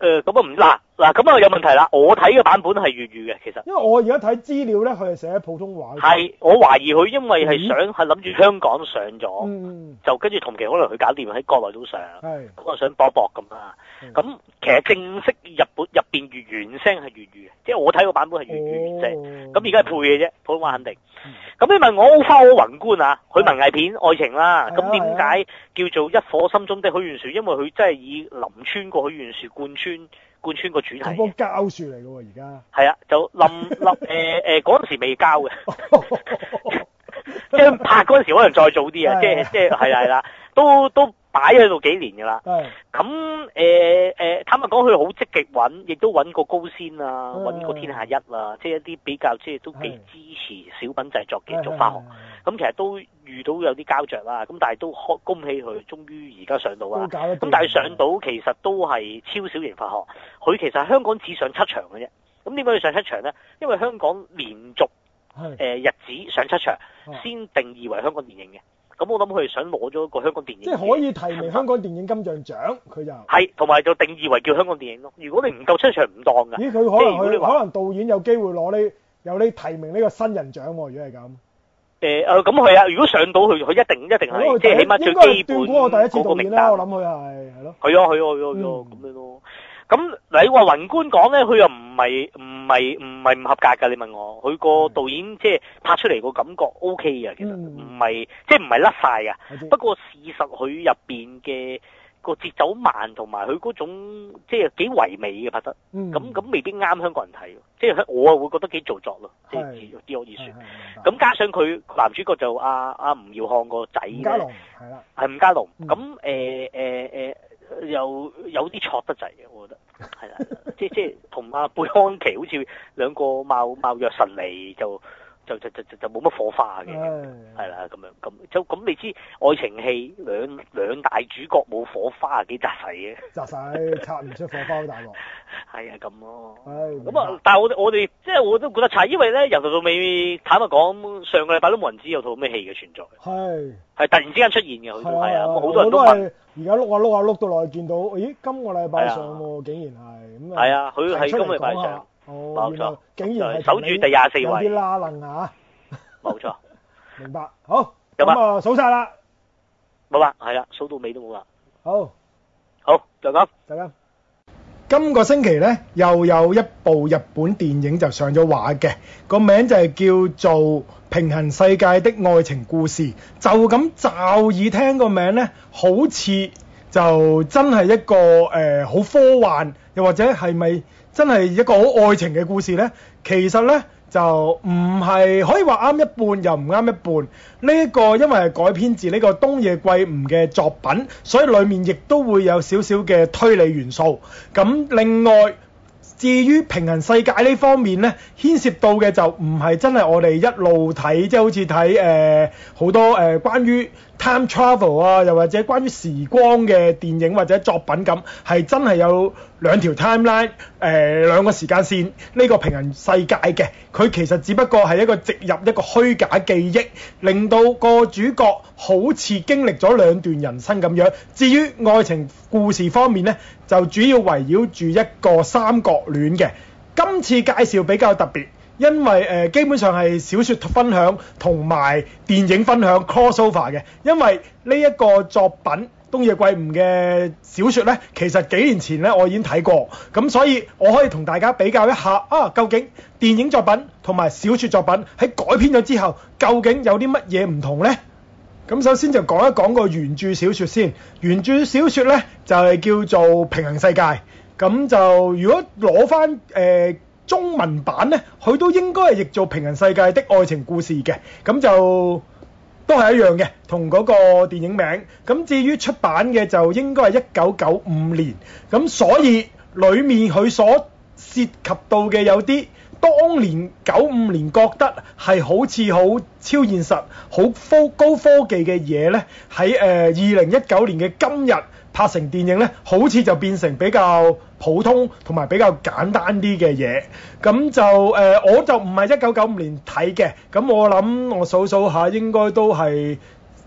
A: 誒，咁啊唔嗱嗱，咁啊有問題啦！我睇嘅版本係粵語嘅，其實
B: 因為我而家睇資料咧，佢係寫普通話嘅。係，
A: 我懷疑佢因為係想係諗住香港上咗，嗯、就跟住同期可能佢搞掂，喺國內都上，咁我是想搏搏咁啊。咁、嗯、其實正式日本入邊粵原聲係粵語嘅，即係我睇個版本係粵語原聲。咁而家配嘅啫，普通話肯定。咁你問我《花好宏觀》啊、嗯，佢文藝片愛情啦，咁點解叫做一顆心中的許願樹？因為佢真係以林村個許願樹貫穿貫穿個主題。係
B: 樖膠樹嚟㗎喎，而家。
A: 係啊，就冧冧誒誒嗰陣時未膠嘅，即係拍嗰陣時可能再早啲啊！即係即係係啦係啦。 都都擺喺度幾年噶啦，咁誒誒坦白講，佢好積極揾，亦都揾過高先啊，揾的過天下一啦、啊，即係一啲比較即係都幾支持小品製作嘅做翻學，咁的、嗯、其實都遇到有啲膠著啦，咁但係都開恭喜佢，終於而家上到啊，咁的但係上到其實都係超小型翻學，佢其實香港只上七場嘅啫，咁點解要上七場呢？因為香港連續誒、呃、日子上七場的先定義為香港電影嘅。咁我諗佢係想攞咗個香港電影，即係可
B: 以提名香港電影金像獎，佢就
A: 係同埋就定義為叫香港電影咯。如果你唔夠出場唔當㗎，咦？佢即係可
B: 能導演有機會攞呢，有呢提名呢個新人獎喎。如果係咁，誒
A: 誒，咁係啊！如果上到去佢，佢一定一定係即係，起碼應該係斷估我
B: 第一次導演咧。我諗佢係係咯，係啊，
A: 係啊，係啊，咁樣咯。咁你話宏觀講咧，佢又唔係唔係唔係唔合格㗎？你問我，佢個導演即係拍出嚟個感覺 O K 嘅，其實唔係、嗯、即係唔係甩晒㗎。的不過事實佢入邊嘅個節奏慢，同埋佢嗰種即係幾唯美嘅拍得。咁咁、嗯、未必啱香港人睇，即係我啊會覺得幾做作咯，即係啲可以説。咁加上佢男主角就阿、啊、阿、啊啊、吳耀漢個仔，吳係啦，係吳嘉龍。咁誒誒誒，又有啲錯得滯嘅，我覺得係啦，係啦，即係即係同阿貝安琪好似兩個貌貌若神離就。就就就就冇乜火花嘅，係啦咁樣，咁就咁，你知愛情戲兩兩大主角冇火花啊，幾窒滯嘅，
B: 窒滯擦唔出火花咯，大
A: 鑊。係 啊，咁咯、哎呀。唉麼，咁啊，但係我我哋即係我都覺得擦，因為咧由頭到尾坦白講，上個禮拜都冇人知有套咩戲嘅存在。係的。係突然之間出現嘅，佢係啊，好多人都問。
B: 而家碌下碌下碌到落去見到，咦？咦今個禮拜上喎，竟然係咁啊！係啊，佢係今個禮拜上。冇錯，竟然係守住第廿四位，有啲拉楞嚇。冇錯，明白。好，咁啊，數曬啦。
A: 冇啦，係啦，數到尾都冇啦。好，好，再講，再講。
B: 今個星期咧，又有一部日本電影就上咗畫嘅，個名就係叫做《平行世界的愛情故事》。就咁驟耳聽個名咧，好似就真係一個誒好科幻，又或者係咪？真係一個好愛情嘅故事呢。其實呢，就唔係可以話啱一半又唔啱一半。呢、這個因為係改編自呢、這個東野圭吾嘅作品，所以裡面亦都會有少少嘅推理元素。咁另外，至於平行世界呢方面呢，牽涉到嘅就唔係真係我哋一路睇，即、就、係、是、好似睇誒好多誒、呃、關於。Time travel 啊，又或者關於時光嘅電影或者作品咁，係真係有兩條 timeline，誒、呃、兩個時間線呢、這個平行世界嘅，佢其實只不過係一個植入一個虛假記憶，令到個主角好似經歷咗兩段人生咁樣。至於愛情故事方面呢，就主要圍繞住一個三角戀嘅。今次介紹比較特別。因為誒、呃、基本上係小説分享同埋電影分享 crossover 嘅， 因為呢一個作品《東野圭吾》嘅小説呢，其實幾年前呢我已經睇過，咁所以我可以同大家比較一下啊，究竟電影作品同埋小説作品喺改編咗之後，究竟有啲乜嘢唔同呢？咁首先就講一講個原著小説先，原著小説呢，就係、是、叫做《平行世界》，咁就如果攞翻誒、呃中文版呢，佢都應該係譯做《平行世界的愛情故事》嘅，咁就都係一樣嘅，同嗰個電影名。咁至於出版嘅就應該係一九九五年，咁所以裡面佢所涉及到嘅有啲，當年九五年覺得係好似好超現實、好科高科技嘅嘢呢，喺誒二零一九年嘅今日。拍成電影呢，好似就變成比較普通同埋比較簡單啲嘅嘢。咁就誒、呃，我就唔係一九九五年睇嘅，咁我諗我數數下，應該都係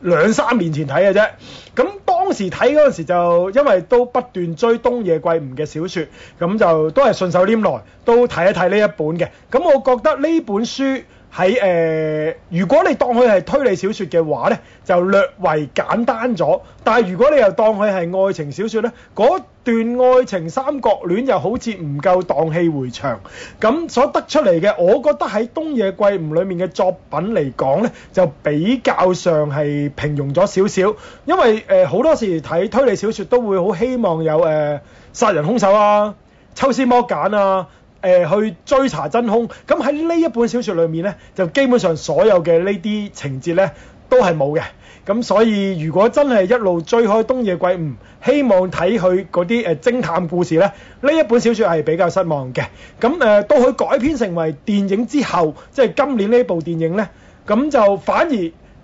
B: 兩三年前睇嘅啫。咁當時睇嗰陣時就因為都不斷追東野圭吾嘅小說，咁就都係順手拈來，都睇一睇呢一本嘅。咁我覺得呢本書。喺誒、呃，如果你當佢係推理小説嘅話呢，就略為簡單咗。但係如果你又當佢係愛情小説呢，嗰段愛情三角戀又好似唔夠蕩氣回腸。咁、嗯、所得出嚟嘅，我覺得喺《東野圭吾》裏面嘅作品嚟講呢，就比較上係平庸咗少少。因為誒好、呃、多時睇推理小説都會好希望有誒殺、呃、人兇手啊、抽絲剝繭啊。誒去追查真兇，咁喺呢一本小説裏面呢，就基本上所有嘅呢啲情節呢都係冇嘅。咁所以如果真係一路追開《東野圭吾》，希望睇佢嗰啲誒偵探故事呢，呢一本小説係比較失望嘅。咁誒到佢改編成為電影之後，即係今年呢部電影呢，咁就反而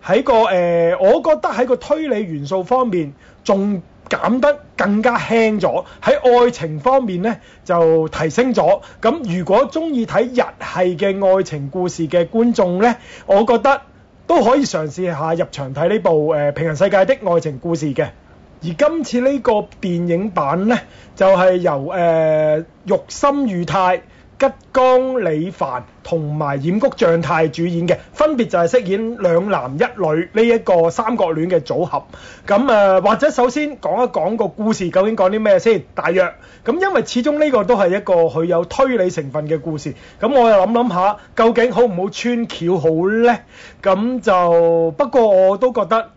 B: 喺個誒、呃，我覺得喺個推理元素方面仲。減得更加輕咗，喺愛情方面呢就提升咗。咁如果中意睇日系嘅愛情故事嘅觀眾呢，我覺得都可以嘗試下入場睇呢部誒、呃《平行世界的愛情故事》嘅。而今次呢個電影版呢，就係、是、由誒《玉森裕太》。吉岡里帆同埋染谷將太主演嘅，分別就係飾演兩男一女呢一、這個三角戀嘅組合。咁、嗯、誒、呃，或者首先講一講個故事究竟講啲咩先，大約。咁、嗯、因為始終呢個都係一個佢有推理成分嘅故事。咁、嗯、我又諗諗下，究竟好唔好穿橋好咧？咁、嗯、就不過我都覺得。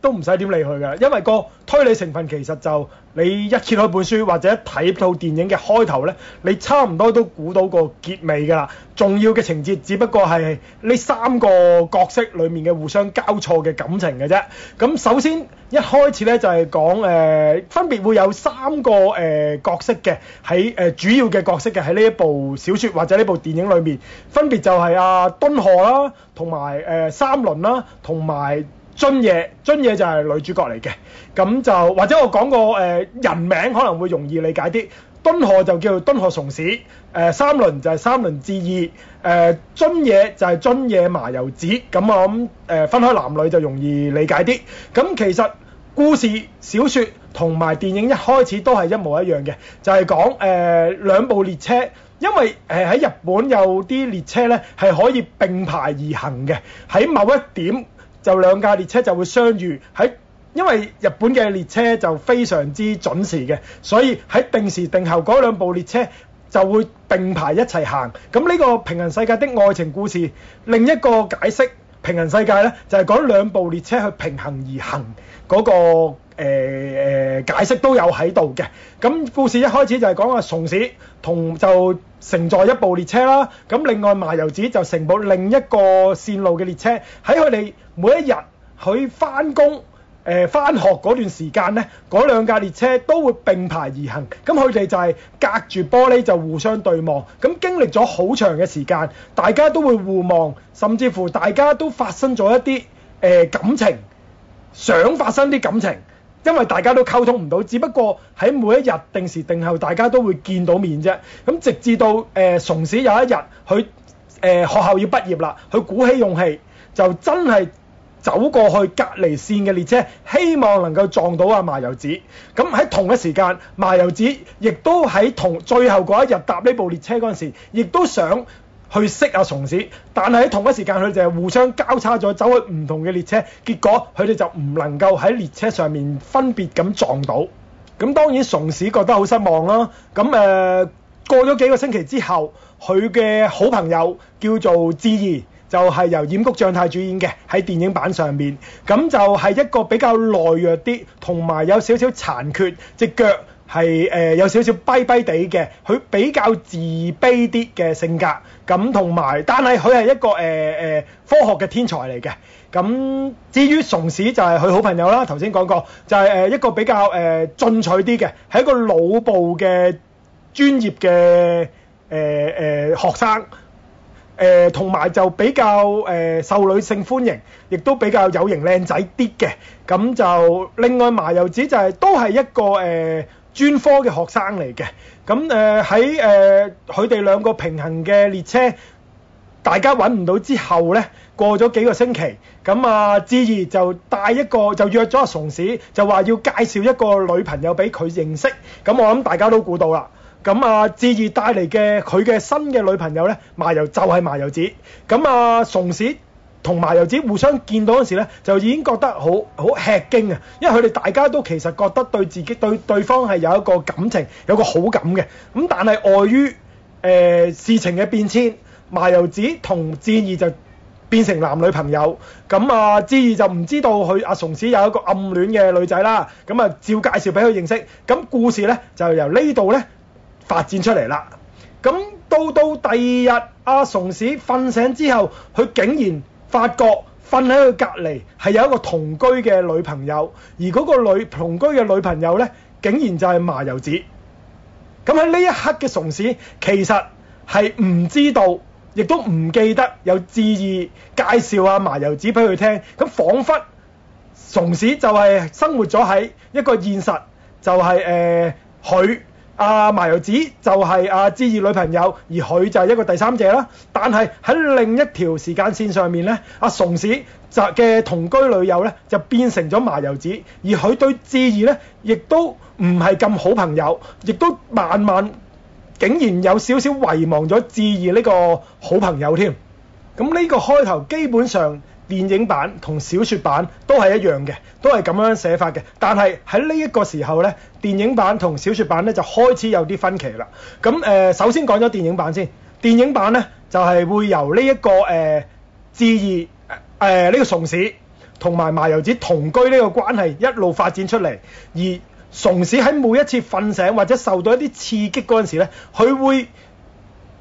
B: 都唔使點理佢㗎，因為個推理成分其實就你一切開本書或者睇套電影嘅開頭呢，你差唔多都估到個結尾㗎啦。重要嘅情節只不過係呢三個角色裡面嘅互相交錯嘅感情嘅啫。咁首先一開始呢就，就係講誒，分別會有三個誒、呃、角色嘅喺誒主要嘅角色嘅喺呢一部小説或者呢部電影裏面，分別就係阿、啊、敦河敦賀啦，同埋誒三輪啦，同埋。津野，津野就係女主角嚟嘅，咁就或者我講個誒、呃、人名可能會容易理解啲。敦賀就叫做敦賀崇史，誒、呃、三輪就係三輪治二，誒津野就係津野麻由子，咁我諗誒分開男女就容易理解啲。咁、嗯、其實故事小説同埋電影一開始都係一模一樣嘅，就係、是、講誒、呃、兩部列車，因為誒喺、呃、日本有啲列車咧係可以並排而行嘅，喺某一點。就兩架列車就會相遇喺，因為日本嘅列車就非常之準時嘅，所以喺定時定候嗰兩部列車就會並排一齊行。咁呢個平行世界的愛情故事，另一個解釋平行世界呢就係講兩部列車去平行而行嗰、嗰個。誒解釋都有喺度嘅。咁、嗯、故事一開始就係講阿松市同就乘坐一部列車啦。咁、嗯、另外麻油子就乘坐另一個線路嘅列車。喺佢哋每一日佢翻工誒翻學嗰段時間呢，嗰兩架列車都會並排而行。咁佢哋就係隔住玻璃就互相對望。咁、嗯、經歷咗好長嘅時間，大家都會互望，甚至乎大家都發生咗一啲誒、呃、感情，想發生啲感情。因為大家都溝通唔到，只不過喺每一日定時定候，大家都會見到面啫。咁直至到誒、呃、崇史有一日，佢誒、呃、學校要畢業啦，佢鼓起勇氣，就真係走過去隔離線嘅列車，希望能夠撞到阿、啊、麻油子。咁喺同一時間，麻油子亦都喺同最後嗰一日搭呢部列車嗰陣時，亦都想。去識阿、啊、崇史，但係喺同一時間佢哋就係互相交叉咗，走去唔同嘅列車，結果佢哋就唔能夠喺列車上面分別咁撞到。咁、嗯、當然崇史覺得好失望啦、啊。咁、嗯、誒過咗幾個星期之後，佢嘅好朋友叫做志異，就係、是、由染谷將太主演嘅喺電影版上面，咁、嗯、就係、是、一個比較懦弱啲，同埋有少少殘缺隻腳。係誒、呃、有少少卑卑地嘅，佢比較自卑啲嘅性格，咁同埋，但係佢係一個誒誒、呃呃、科學嘅天才嚟嘅。咁至於崇史就係佢好朋友啦，頭先講過就係、是、誒一個比較誒、呃、進取啲嘅，係一個腦部嘅專業嘅誒誒學生，誒、呃、同埋就比較誒、呃、受女性歡迎，亦都比較有型靚仔啲嘅。咁就另外麻油子就係、是、都係一個誒。呃專科嘅學生嚟嘅，咁誒喺誒佢哋兩個平行嘅列車，大家揾唔到之後呢，過咗幾個星期，咁啊志義就帶一個就約咗阿崇史，就話要介紹一個女朋友俾佢認識，咁我諗大家都估到啦，咁啊志義帶嚟嘅佢嘅新嘅女朋友呢，麻油就係、是、麻油子，咁啊崇史，同麻油子互相見到嗰時咧，就已經覺得好好吃驚啊！因為佢哋大家都其實覺得對自己對對方係有一個感情，有個好感嘅。咁、嗯、但係礙於誒事情嘅變遷，麻油子同志義就變成男女朋友。咁、嗯、啊，志義就唔知道佢阿崇史有一個暗戀嘅女仔啦。咁、嗯、啊，照介紹俾佢認識。咁、嗯、故事咧就由呢度咧發展出嚟啦。咁、嗯、到到第二日，阿崇史瞓醒之後，佢竟然～發覺瞓喺佢隔離係有一個同居嘅女朋友，而嗰個女同居嘅女朋友呢，竟然就係麻油子。咁喺呢一刻嘅崇史其實係唔知道，亦都唔記得有志意介紹阿麻油子俾佢聽。咁彷彿崇史就係生活咗喺一個現實，就係誒佢。呃阿、啊、麻油子就係阿志義女朋友，而佢就係一個第三者啦。但係喺另一條時間線上面呢，阿崇史就嘅同居女友呢就變成咗麻油子，而佢對志義呢亦都唔係咁好朋友，亦都慢慢竟然有少少遺忘咗志義呢個好朋友添。咁、嗯、呢、這個開頭基本上。電影版同小説版都係一樣嘅，都係咁樣寫法嘅。但係喺呢一個時候呢，電影版同小説版呢，就開始有啲分歧啦。咁、嗯、誒、呃，首先講咗電影版先。電影版呢，就係、是、會由呢、這、一個誒志異誒呢個崇史同埋麻由子同居呢個關係一路發展出嚟。而崇史喺每一次瞓醒或者受到一啲刺激嗰陣時咧，佢會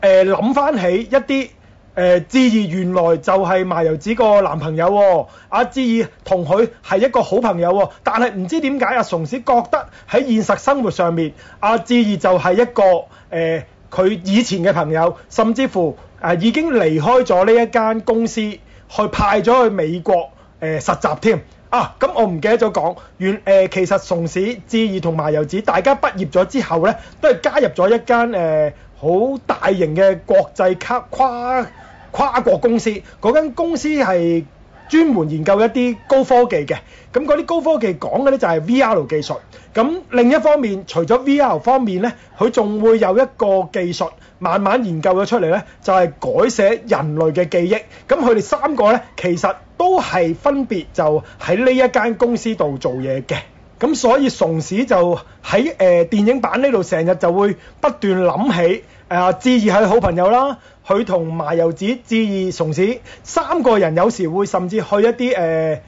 B: 誒諗翻起一啲。誒、呃、志兒原來就係麻油子個男朋友喎、哦，阿、啊、志兒同佢係一個好朋友喎、哦，但係唔知點解阿崇史覺得喺現實生活上面，阿、啊、志兒就係一個誒佢、呃、以前嘅朋友，甚至乎誒、呃、已經離開咗呢一間公司去派咗去美國誒、呃、實習添啊，咁、嗯、我唔記得咗講，原誒、呃、其實崇史、志兒同麻油子大家畢業咗之後呢，都係加入咗一間誒。呃好大型嘅國際級跨跨國公司，嗰間公司係專門研究一啲高科技嘅，咁嗰啲高科技講嘅咧就係 VR 技術，咁另一方面除咗 VR 方面咧，佢仲會有一個技術慢慢研究咗出嚟咧，就係改寫人類嘅記憶，咁佢哋三個咧其實都係分別就喺呢一間公司度做嘢嘅，咁所以蟲子就喺誒電影版呢度成日就會不斷諗起。誒志義係好朋友啦，佢同麻油子、志義、崇史三個人有時會甚至去一啲誒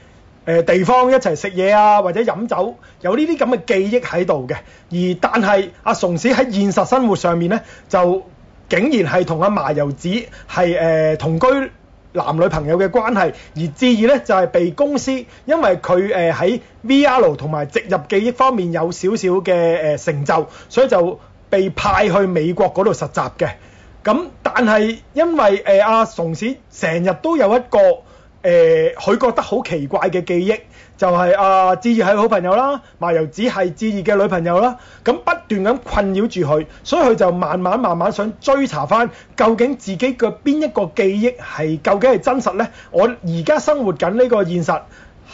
B: 誒地方一齊食嘢啊，或者飲酒，有呢啲咁嘅記憶喺度嘅。而但係阿、啊、崇史喺現實生活上面呢，就竟然係同阿麻油子係誒、呃、同居男女朋友嘅關係，而志義呢，就係、是、被公司，因為佢誒喺 VR 同埋植入記憶方面有少少嘅誒成就，所以就。被派去美國嗰度實習嘅咁，但係因為誒阿、呃啊、崇史成日都有一個誒，佢、呃、覺得好奇怪嘅記憶，就係、是、啊，智彥係好朋友啦，麻由子係智彥嘅女朋友啦，咁不斷咁困擾住佢，所以佢就慢慢慢慢想追查返究竟自己嘅邊一個記憶係究竟係真實呢？我而家生活緊呢個現實，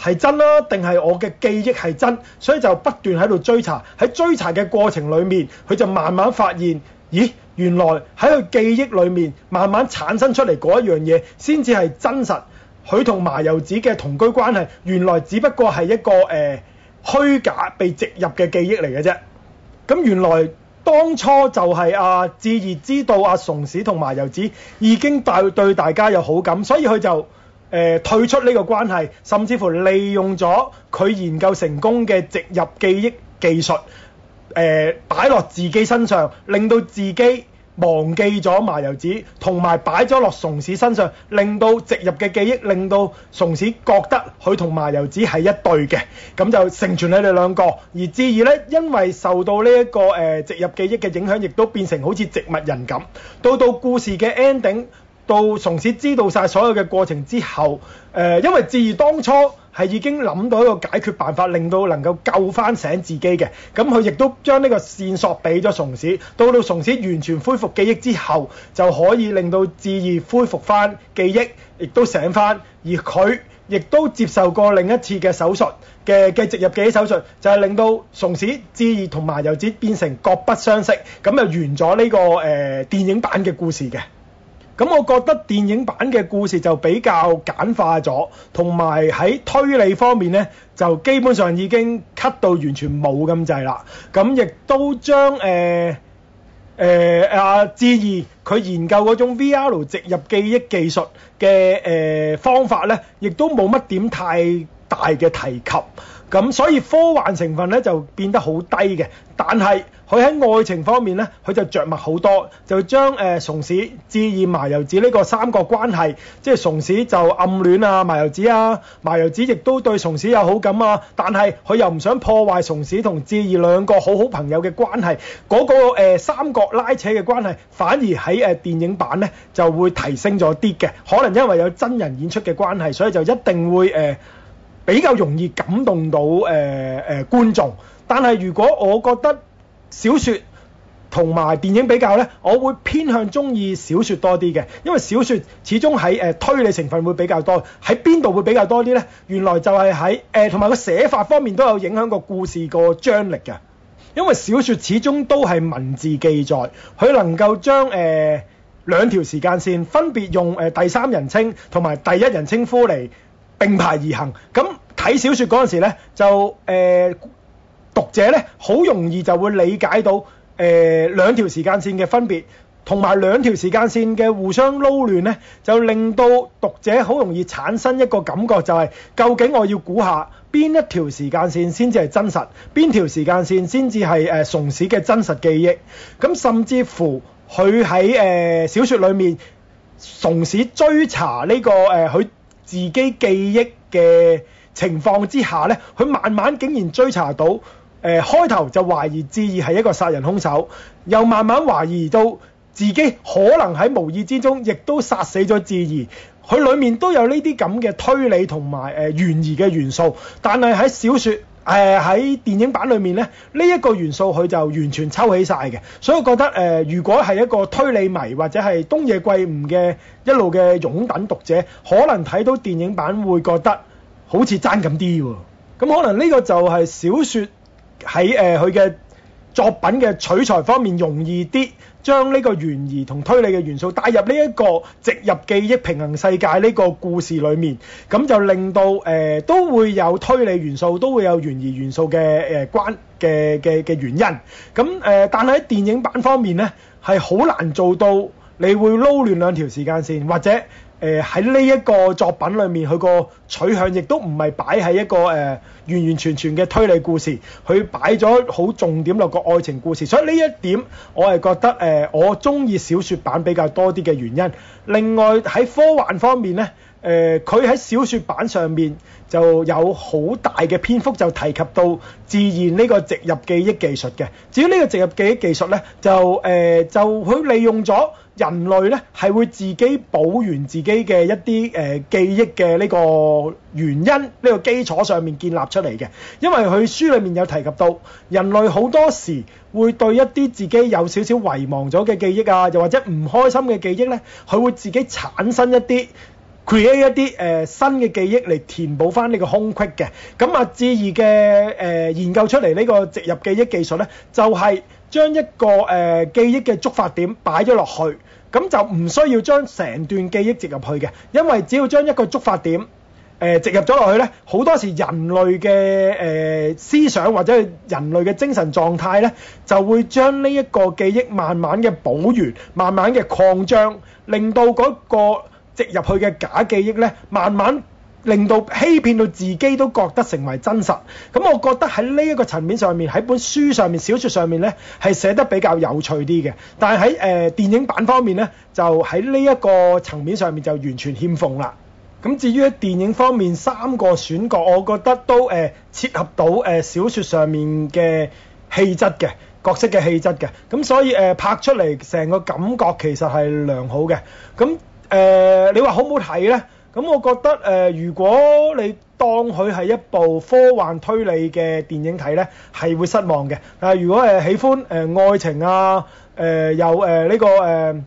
B: 係真啦，定係我嘅記憶係真，所以就不斷喺度追查。喺追查嘅過程裡面，佢就慢慢發現，咦，原來喺佢記憶裡面慢慢產生出嚟嗰一樣嘢，先至係真實。佢同麻油子嘅同居關係，原來只不過係一個誒、呃、虛假被植入嘅記憶嚟嘅啫。咁原來當初就係阿、啊、志熱知道阿崇史同麻油子已經大對，對大家有好感，所以佢就，誒退出呢個關係，甚至乎利用咗佢研究成功嘅植入記憶技術，誒擺落自己身上，令到自己忘記咗麻油子，同埋擺咗落松鼠身上，令到植入嘅記憶令到松鼠覺得佢同麻油子係一對嘅，咁就成全你哋兩個。而至於呢，因為受到呢一個誒植入記憶嘅影響，亦都變成好似植物人咁。到到故事嘅 ending。到崇史知道晒所有嘅過程之後，誒、呃，因為智彥當初係已經諗到一個解決辦法，令到能夠救翻醒自己嘅，咁佢亦都將呢個線索俾咗崇史。到到崇史完全恢復記憶之後，就可以令到智彥恢復翻記憶，亦都醒翻。而佢亦都接受過另一次嘅手術嘅嘅植入記憶手術就係、是、令到崇史、智彥同埋麻由子變成各不相識，咁就完咗呢、這個誒、呃、電影版嘅故事嘅。咁我覺得電影版嘅故事就比較簡化咗，同埋喺推理方面呢，就基本上已經 cut 到完全冇咁滯啦。咁亦都將誒誒阿志二佢研究嗰種 VR 植入記憶技術嘅誒方法呢，亦都冇乜點太大嘅提及。咁所以科幻成分咧就變得好低嘅，但係佢喺愛情方面咧，佢就著墨好多，就將誒崇史、智彥、麻由子呢個三角關係，即係崇史就暗戀啊麻由子啊，麻由子亦都對崇史有好感啊，但係佢又唔想破壞崇史同智彥兩個好好朋友嘅關係，嗰個誒三角拉扯嘅關係，反而喺誒電影版咧就會提升咗啲嘅，可能因為有真人演出嘅關係，所以就一定會誒。比較容易感動到誒誒、呃呃、觀眾，但係如果我覺得小説同埋電影比較呢，我會偏向鍾意小説多啲嘅，因為小説始終喺誒推理成分會比較多，喺邊度會比較多啲呢？原來就係喺誒同埋個寫法方面都有影響個故事個張力嘅，因為小説始終都係文字記載，佢能夠將誒兩條時間線分別用誒、呃、第三人稱同埋第一人稱呼嚟。並排而行，咁睇小説嗰陣時呢，就誒、呃、讀者呢，好容易就會理解到誒兩條時間線嘅分別，同埋兩條時間線嘅互相撈亂呢，就令到讀者好容易產生一個感覺，就是，就係究竟我要估下邊一條時間線先至係真實，邊條時間線先至係誒崇史嘅真實記憶，咁甚至乎佢喺誒小説裡面，崇史追查呢、這個誒佢。呃自己記憶嘅情況之下呢，佢慢慢竟然追查到，誒、呃、開頭就懷疑志毅係一個殺人兇手，又慢慢懷疑到自己可能喺無意之中，亦都殺死咗志毅。佢裡面都有呢啲咁嘅推理同埋誒懸疑嘅元素，但係喺小説。誒喺、呃、電影版裡面呢，呢、這、一個元素佢就完全抽起晒嘅，所以我覺得誒、呃，如果係一個推理迷或者係東野圭吾嘅一路嘅擁躉讀者，可能睇到電影版會覺得好似爭咁啲喎，咁、嗯、可能呢個就係小説喺誒佢嘅作品嘅取材方面容易啲。將呢個懸疑同推理嘅元素帶入呢一個植入記憶平行世界呢個故事裡面，咁就令到誒、呃、都會有推理元素，都會有懸疑元素嘅誒關嘅嘅嘅原因。咁誒、呃，但係喺電影版方面呢，係好難做到，你會撈亂兩條時間線或者。誒喺呢一個作品裏面，佢個取向亦都唔係擺喺一個誒、呃、完完全全嘅推理故事，佢擺咗好重點落個愛情故事，所以呢一點我係覺得誒、呃、我中意小説版比較多啲嘅原因。另外喺科幻方面呢誒佢喺小説版上面就有好大嘅篇幅就提及到自然呢個植入記憶技術嘅。至於呢個植入記憶技術呢，就誒、呃、就佢利用咗。人類咧係會自己補完自己嘅一啲誒、呃、記憶嘅呢個原因呢、呢個基礎上面建立出嚟嘅，因為佢書裡面有提及到人類好多時會對一啲自己有少少遺忘咗嘅記憶啊，又或者唔開心嘅記憶呢，佢會自己產生一啲。create 一啲誒、呃、新嘅記憶嚟填補翻呢個空隙嘅，咁阿志義嘅誒研究出嚟呢個植入記憶技術呢，就係、是、將一個誒、呃、記憶嘅觸發點擺咗落去，咁就唔需要將成段記憶植入去嘅，因為只要將一個觸發點誒、呃、植入咗落去呢，好多時人類嘅誒、呃、思想或者人類嘅精神狀態呢，就會將呢一個記憶慢慢嘅補完、慢慢嘅擴張，令到嗰、那個。植入去嘅假記憶呢，慢慢令到欺騙到自己都覺得成為真實。咁、嗯、我覺得喺呢一個層面上面，喺本書上面、小説上面呢，係寫得比較有趣啲嘅。但係喺誒電影版方面呢，就喺呢一個層面上面就完全欠奉啦。咁、嗯、至於喺電影方面三個選角，我覺得都誒、呃、切合到誒、呃、小説上面嘅氣質嘅角色嘅氣質嘅。咁、嗯、所以誒、呃、拍出嚟成個感覺其實係良好嘅。咁、嗯誒你話好唔好睇呢？咁我覺得誒，如果你當佢係一部科幻推理嘅電影睇呢，係會失望嘅。但係如果誒喜歡誒愛情啊，誒有誒呢個誒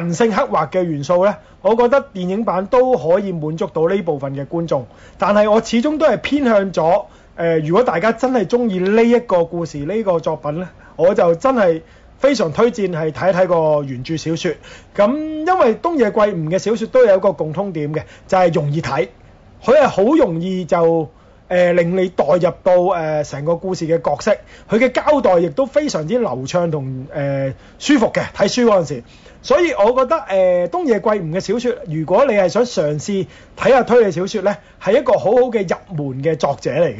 B: 人性刻畫嘅元素呢，我覺得電影版都可以滿足到呢部分嘅觀眾。但係我始終都係偏向咗誒，如果大家真係中意呢一個故事、呢個作品呢，我就真係～非常推薦係睇一睇個原著小説。咁因為東野圭吾嘅小説都有個共通點嘅，就係容易睇，佢係好容易就誒令你代入到誒成個故事嘅角色，佢嘅交代亦都非常之流暢同誒舒服嘅睇書嗰陣時，所以我覺得誒東野圭吾嘅小説，如果你係想嘗試睇下推理小説呢，係一個好好嘅入門嘅作者嚟嘅，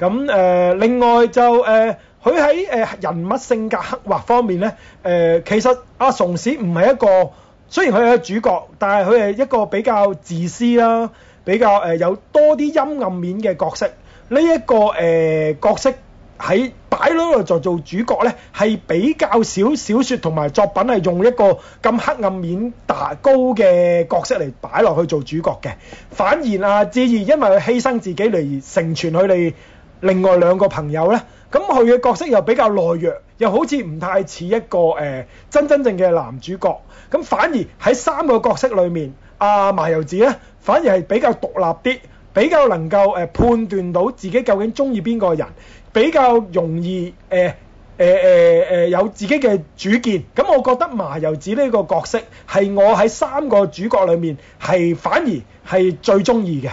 B: 咁誒另外就誒。佢喺誒人物性格刻畫方面呢，誒、呃、其實阿、啊、崇史唔係一個，雖然佢係主角，但係佢係一個比較自私啦，比較誒、呃、有多啲陰暗面嘅角色。呢、這、一個誒、呃、角色喺擺落度做主角呢，係比較少小説同埋作品係用一個咁黑暗面大高嘅角色嚟擺落去做主角嘅。反而阿志義因為佢犧牲自己嚟成全佢哋另外兩個朋友呢。咁佢嘅角色又比較懦弱，又好似唔太似一個誒、呃、真真正嘅男主角。咁、嗯、反而喺三個角色裏面，阿、啊、麻油子咧反而係比較獨立啲，比較能夠誒、呃、判斷到自己究竟中意邊個人，比較容易誒誒誒誒有自己嘅主見。咁、嗯、我覺得麻油子呢個角色係我喺三個主角裏面係反而係最中意嘅。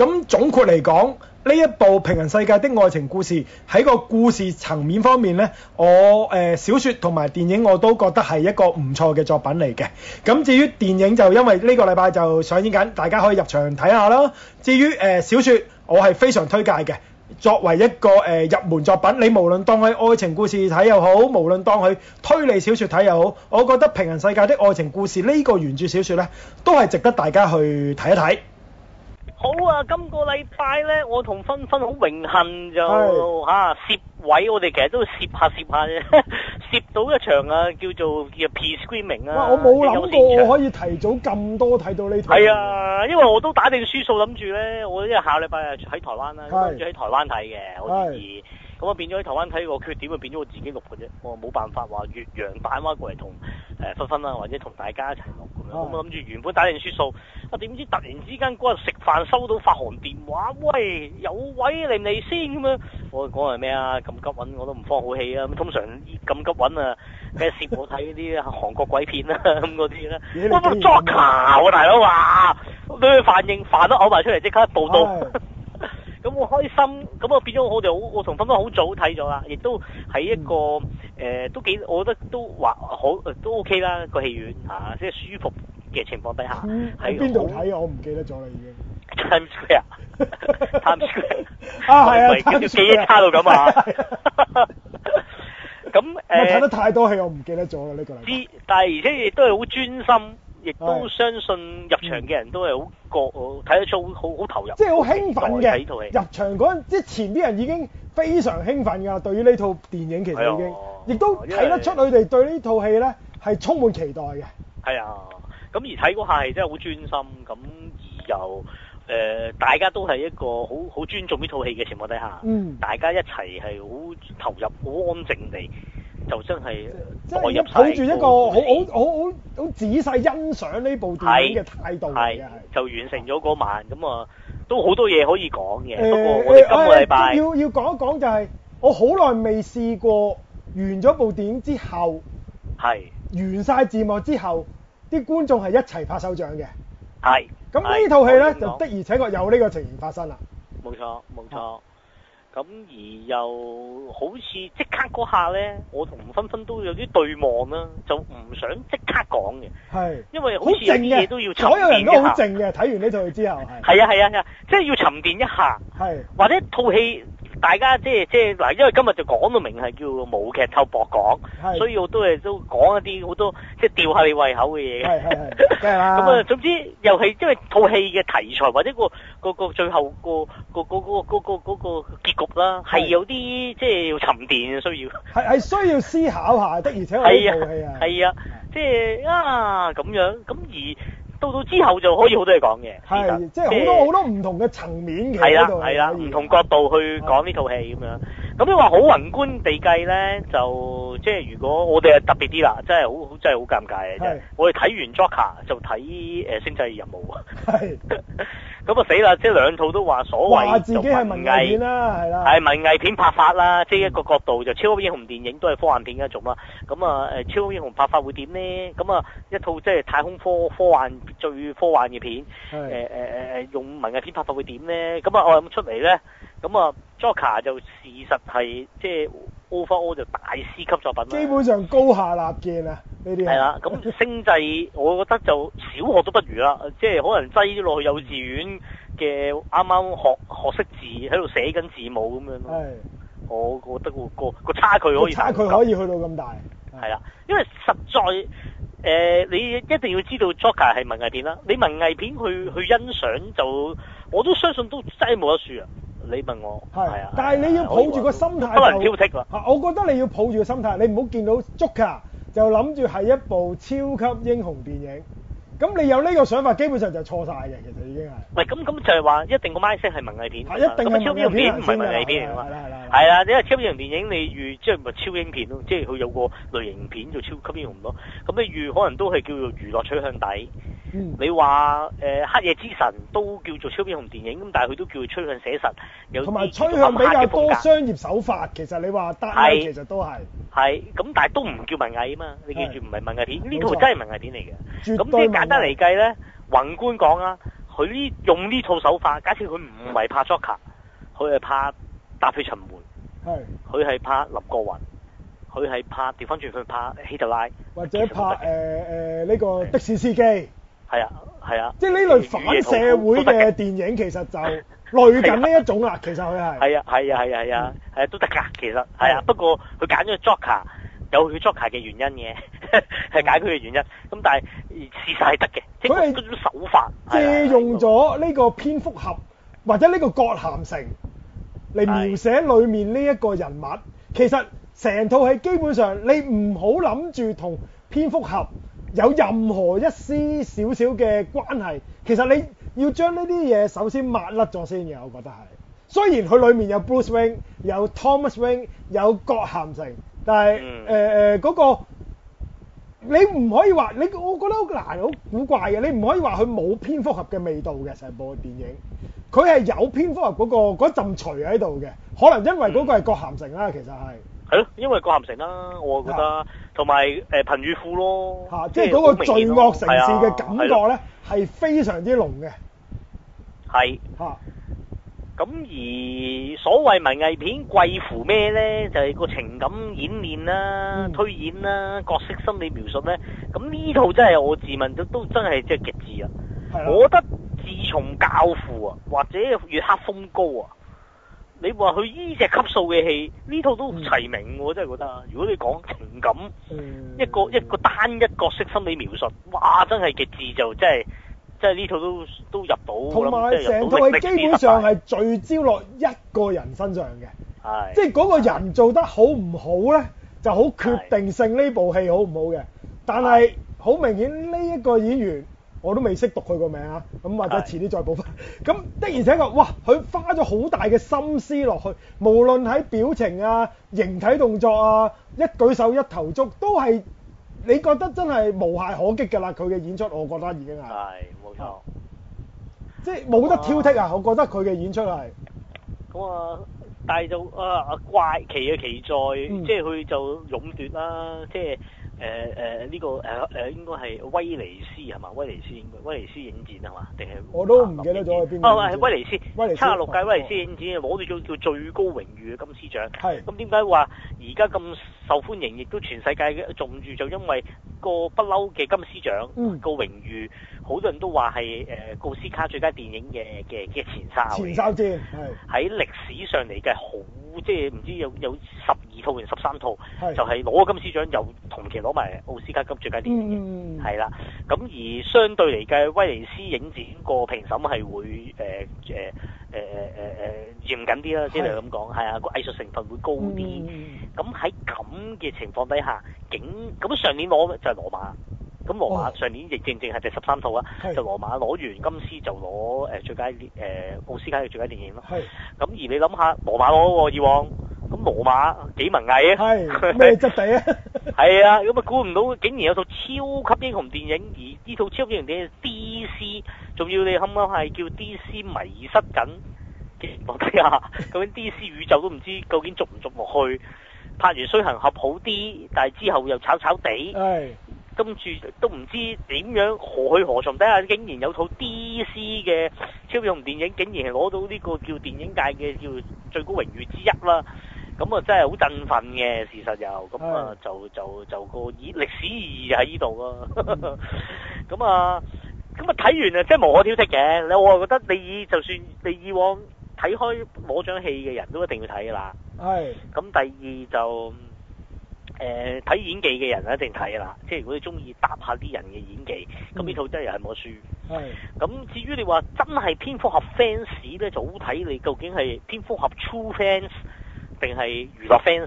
B: 咁、嗯、總括嚟講。呢一部《平行世界的愛情故事》喺個故事層面方面呢，我誒、呃、小説同埋電影我都覺得係一個唔錯嘅作品嚟嘅。咁至於電影就因為呢個禮拜就上映緊，大家可以入場睇下啦。至於誒、呃、小説，我係非常推介嘅。作為一個誒、呃、入門作品，你無論當佢愛情故事睇又好，無論當佢推理小説睇又好，我覺得《平行世界的愛情故事》呢、呢個原著小説呢，都係值得大家去睇一睇。
A: 好啊！今個禮拜咧，我同芬芬好榮幸就嚇是、啊、攝位，我哋其實都攝下攝下，啫，攝到一場啊，叫做《叫做 P screaming》Sc 啊，啊。我冇諗過可
B: 以提早咁多睇到呢到。係啊，
A: 因為我都打定輸數諗住咧，我呢個下禮拜就喺台灣啦，跟住喺台灣睇嘅，好鍾意。自我啊變咗喺台灣睇個缺點，就變咗我自己錄嘅啫。我冇辦法話越洋打孖過嚟同誒分分啦，或者同大家一齊錄咁樣。我諗住原本打定輸數，啊點知突然之間嗰日食飯收到發韓電話，喂有位嚟唔嚟先咁樣？我講係咩啊？咁急揾我都唔放好氣啊！咁通常咁急揾啊，咩事我睇啲韓國鬼片啦咁嗰啲啦。Joker，我幫你捉球喎大佬啊！咁佢反應，飯都嘔埋出嚟，即刻報到。咁我開心，咁我變咗我哋好，好，我同芬芬好早睇咗啦，亦都喺一個誒、嗯呃、都幾，我覺得都話好，都 OK 啦個戲院嚇、啊，即係舒服嘅情況底下。喺、嗯、邊度
B: 睇我唔記得咗啦已經。
A: Times Square。Times Square 啊，係啊，記憶差到咁啊。咁誒，睇得太
B: 多戲我唔記得咗啦呢個。啲
A: 但係而且亦都係好專心。亦都相信入場嘅人都係好覺，睇、嗯、得出好好投入，即係好興
B: 奮嘅。入場嗰陣，即係前啲人已經非常興奮㗎。對於呢套電影其實已經，哎、呀亦都睇得出佢哋為對呢套戲咧係充滿期待嘅。
A: 係啊、哎，咁而睇嗰下戲真係好專心，咁而又。誒、呃，大家都係一個好好尊重呢套戲嘅情況底下，嗯、大家一齊係好投入、好安靜地，就真係。即係抱住一個好好
B: 好好好仔細欣賞呢部電影嘅態度嚟嘅，
A: 就完成咗嗰晚。咁啊，都好多嘢可以講嘅。呃、不過，誒、呃呃就是，我哋今個禮拜要
B: 要講一講就係，我好耐未試過完咗部電影之後，係是完晒字幕之後，啲觀眾係一齊拍手掌嘅。
A: 係，咁呢套戲咧就的而
B: 且確有呢個情形發生喇。
A: 冇錯，冇錯。咁而又好似即刻嗰下咧，我同分分都有啲對望啦，就唔想即刻講嘅。係是，
B: 因為好似有啲嘢都要沉澱一下。所有人都好靜嘅，睇完呢套之後係。係啊係啊，係啊，
A: 係啊，即係要沉澱一下。係是。或者套戲大家即係即係嗱，因為今日就講到明係叫無劇透短講，是所以我都係都講一啲好多即係吊下你胃口嘅嘢。係係係。
B: 梗係啦。咁啊，
A: 總之又係因為套戲嘅題材或者、嗰個嗰、嗰個最後、嗰個、嗰個、嗰個個個、嗰個結局。嗰個結啦，係有啲即係要沉澱，需要
B: 係係 需要思考下的，而且係套
A: 戲啊，係啊，即係啊咁樣。咁而到到之後就可以好多嘢講嘅，係、啊、即係好多好、
B: 呃、多唔同嘅層面嘅係啦，唔、
A: 係啦、同角度去講呢套戲咁樣。咁你話好宏觀地計咧，就即係如果我哋啊特別啲啦，真係好好真係好尷尬啊！真係，是我哋睇完 Joker 就睇誒、呃、星際任務啊。咁啊死啦！即係兩套都話所謂就係文藝啦，係啦。係文藝片拍法啦，即係一個角度就超級英雄電影都係科幻片一種啦。咁啊誒超級英雄拍法會點咧？咁啊一套即係太空科科幻最科幻嘅片。誒誒誒誒，用文藝片拍法會點咧？咁啊，我諗出嚟咧。咁啊、嗯、Joker 就事實係即係 Overall 就大師級作品啦。基
B: 本上高下立見啊，呢啲係啦。
A: 咁、嗯 嗯、星際，我覺得就小學都不如啦，即係可能擠咗落去幼稚園嘅啱啱學學識字，喺度寫緊字母咁樣咯。的我覺得個個，個差距可以差，差距
B: 可以去到咁大。
A: 係啦，因為實在誒、呃，你一定要知道 Joker 係文藝片啦。你文藝片去去欣賞就，我都相信都真係冇得輸啊！你問我係，但係你要抱住個心態就，可能挑剔啦，吓
B: 啊，我覺得你要抱住個心態、啊，你唔好見到《Joker》就諗住係一部超級英雄電影，咁你有呢個想法，基本上就錯晒嘅，其實已經係。唔
A: 咁咁就係話一定個 mindset 係文藝片，係一定係超級英雄片唔係文藝片嚟㗎嘛？係啦係啦。係啦，因為超級英雄電影你預即係咪超英片咯？即係佢有個類型片做超級英雄咯。咁你預可能都係叫做娛樂取向底。嗯、你話誒、呃、黑夜之神都叫做超級英雄電影，咁但係佢都叫佢趨向寫實，有同埋趨向比較多
B: 商業手法。其實你話得啊，是其實都係
A: 係咁，但係都唔叫文藝啊嘛。你記住唔係文藝片，呢錯套真係文藝片嚟嘅。咁即係簡單嚟計咧，宏觀講啊，佢呢用呢套手法，假設佢唔係拍 Joker，佢係拍踏血尋梅，係佢係拍林過雲，佢係拍調翻轉去拍希特拉，
B: 或者拍誒誒呢個的士司機。係啊，係啊，即係呢類反社會嘅電影，其實就類近呢一種啊，其實佢係。係啊，
A: 係啊，係啊，係啊，係啊，都得㗎，其實係啊，不過佢揀咗 Joker，有佢 Joker 嘅原因嘅，係解佢嘅原因。咁但係事實係得嘅，即係嗰種手法
B: 借用咗呢個蝙蝠俠或者呢個葛咸城嚟描寫裏面呢一個人物，其實成套戲基本上你唔好諗住同蝙蝠俠，有任何一絲少少嘅關係，其實你要將呢啲嘢首先抹甩咗先嘅，我覺得係。雖然佢裏面有 Bruce Wayne 有 Thomas Wayne 有葛咸城，但係誒誒嗰個你唔可以話你，我覺得好難好古怪嘅，你唔可以話佢冇蝙蝠俠嘅味道嘅成部電影，佢係有蝙蝠俠嗰、嗰個嗰陣馴喺度嘅，可能因為嗰個係葛咸城啦，其實係。
A: 誒，因為《郭咸城、啊》啦，我啊覺得，同埋、啊、誒貧與富咯，吓、啊，即係嗰個罪、啊、惡城市嘅感覺咧，
B: 係、啊、非常之濃嘅。
A: 係。啊。咁、啊、而所謂文藝片貴乎咩咧？就係、是、個情感演練啦、啊、嗯、推演啦、啊、角色心理描述咧、啊。咁呢套真係我自問都都真係即係極致啊！啊我覺得自從《教父》啊，或者《月黑風高》啊。你話佢依隻級數嘅戲，呢套都齊名。我真係覺得。如果你講情感，嗯、一個一個單一角色心理描述，哇，真係極致就真係，真係呢套都都入到。同埋成套戲基本上
B: 係聚焦落一個人身上嘅，即係嗰個人做得好唔好咧，就好決定性呢部戲好唔好嘅。的但係好明顯呢一個演員。我都未識讀佢個名啊，咁或者遲啲再補翻。咁的而且確，哇！佢花咗好大嘅心思落去，無論喺表情啊、形體動作啊、一舉手一投足，都係你覺得真係無懈可擊㗎啦！佢嘅演出，我覺得已經係係冇錯，
A: 即係
B: 冇得挑剔啊！我覺得佢嘅演出係
A: 咁啊，但係就啊怪奇嘅奇在，即係佢就勇奪啦，即係。誒誒呢個誒誒、呃、應該係威尼斯係嘛？威尼斯威尼斯影展係嘛？定係
B: 我都唔記得咗喺邊。啊威尼斯，威尼七
A: 十六屆威尼斯影展攞到咗叫最高榮譽嘅金獅獎。係是。咁點解話而家咁受歡迎，亦都全世界仲住，就因為個不嬲嘅金獅獎。嗯。個榮譽好多人都話係誒奧斯卡最佳電影嘅嘅嘅前哨。前哨，啫喺歷史上嚟嘅好，即係唔知有有十二套定十三套，是就係攞金獅獎又同期攞。咁奧斯卡金最佳電影係啦，咁、嗯、而相對嚟計威尼斯影展個評審係會誒誒誒誒誒嚴謹啲啦，即係咁講，係啊個藝術成分會高啲。咁喺咁嘅情況底下，竟咁上年攞就係羅馬，咁羅馬上年亦正正係第十三套啊，哦、就羅馬攞完金獅是就攞誒最佳誒奧、呃、斯卡嘅最佳電影咯。咁是而你諗下，羅馬攞過以往。咁羅馬幾文藝啊？咩質地啊？係 啊！咁啊，估唔到竟然有套超級英雄電影，而呢套超級英雄電影 D.C. 仲要你啱啱係叫 D.C. 迷失緊，竟然冇得啊！究竟 D.C. 宇宙都唔知究竟續唔續落去？拍完水行俠好啲，但係之後又炒炒地。
B: 係
A: 是。跟住都唔知點樣何去何從，底下竟然有套 D.C. 嘅超級英雄電影，竟然係攞到呢個叫電影界嘅叫最高榮譽之一啦！咁啊，真係好振奮嘅事實又，咁啊的就就就個以歷史意義喺呢度咯。咁、mm hmm. 啊，咁啊睇完啊，真係無可挑剔嘅。你我啊覺得你以就算你以往睇開攞獎戲嘅人都一定要睇噶啦。係。咁第二就誒睇、欸、演技嘅人一定睇噶啦。即係如果你中意搭下啲人嘅演技，咁呢、mm hmm. 套真係又係冇得輸。係的。咁至於你話真係蝙蝠俠 fans 咧，就好睇你究竟係蝙蝠俠 true fans。定係娛樂 fans，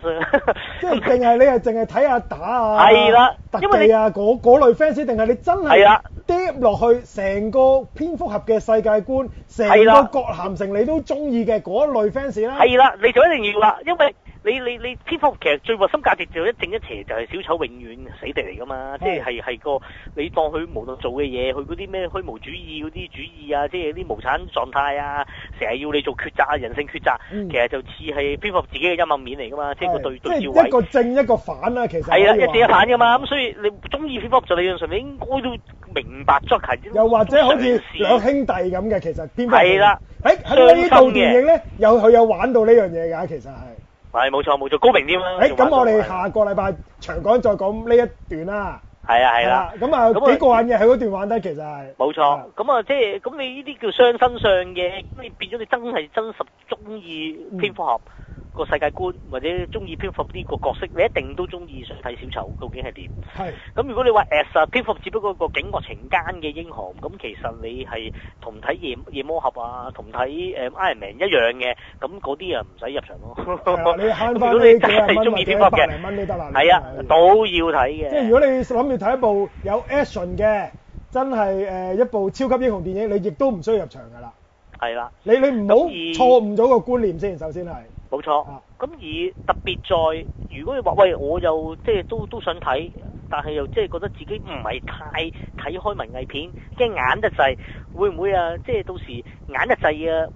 A: 即
B: 係定係你係淨係睇下打啊，係啦， 因為你啊嗰類 fans，定係你真係跌落去成個蝙蝠俠嘅世界觀，成個葛咸城你都中意嘅嗰一類 fans 啦，係啦，
A: 你就一定要啦，因為。你你你蝙蝠，其實最核心價值就一正一邪，就係小丑永遠死地嚟噶嘛。即係係係個你當佢無論做嘅嘢，佢嗰啲咩虛無主義嗰啲主義啊，即係啲無產狀態啊，成日要你做抉擇啊，人性抉擇，其實就似係蝙蝠自己嘅陰暗面嚟噶嘛。即係個對對峙位，一
B: 個正一個反啊，其實係啦，一正一反噶
A: 嘛。咁所以你中意蝙蝠就理論上面應該都明白咗佢啲。又
B: 或者好似兩兄弟咁嘅，其實蝙蝠係啦。喺喺呢套電影咧，有佢有玩到呢樣嘢噶，其實係。
A: 係冇錯冇錯高明添啦，誒咁、欸、說我哋下
B: 個禮拜長講再講呢一段啦，
A: 係啊係啦，咁
B: 啊，啊、嗯、幾過癮嘅喺嗰段玩得其實係，
A: 冇錯錯，咁啊即係咁你呢啲叫雙身上嘅，咁你變咗你真係真實中意蝙蝠俠。嗯個世界觀或者中意蝙蝠呢個角色，你一定都中意想睇小丑究竟係點。係咁，如果你話誒，實蝙蝠只不過個警惡懲奸嘅英雄，咁其實你係同睇夜夜魔俠啊，同睇誒 Iron Man 一樣嘅，咁嗰啲人唔使入場咯。係啊，你慳翻如果你幾啊蚊或者百零蚊都得啦。係啊，都要睇嘅。即係
B: 如果你諗住睇一部有 action 嘅，真係誒一部超級英雄電影，你亦都唔需要入場噶啦。係啦。你你唔好錯誤咗個觀念先，首先係。
A: 冇錯，咁而特別在，如果你話喂，我又即係都都想睇，但係又即係覺得自己唔係太睇開文藝片，驚眼得滯，會唔會啊？即係到時眼得滯啊？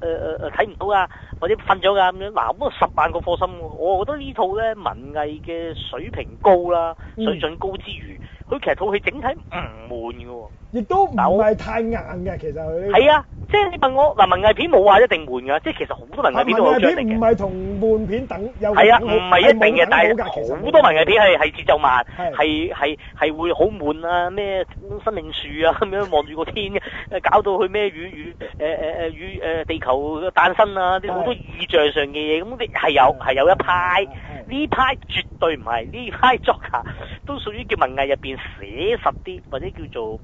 A: 誒誒誒，睇唔到啊，或者瞓咗㗎咁樣嗱，咁、啊、十萬個顆心，我覺得套呢套咧文藝嘅水平高啦，水準高之餘。嗯佢其實套戲整體唔悶㗎喎，
B: 亦都唔係太硬㗎。其實佢、
A: 這、係、個、啊，即係你問我嗱，文藝片冇話一定悶㗎，即係其實好多文藝片都唔
B: 係同悶片等有。係啊，唔係一定嘅，但係是好多文藝片
A: 係係節奏慢，係係係會好悶啊！咩生命樹啊咁樣望住個天、啊，搞到去咩宇宙誒誒誒宇誒地球誕生啊！啲好多意象上嘅嘢咁啲係有係有一派。呢派絕對唔係呢派作家，都屬於叫文藝入邊寫實啲，或者叫做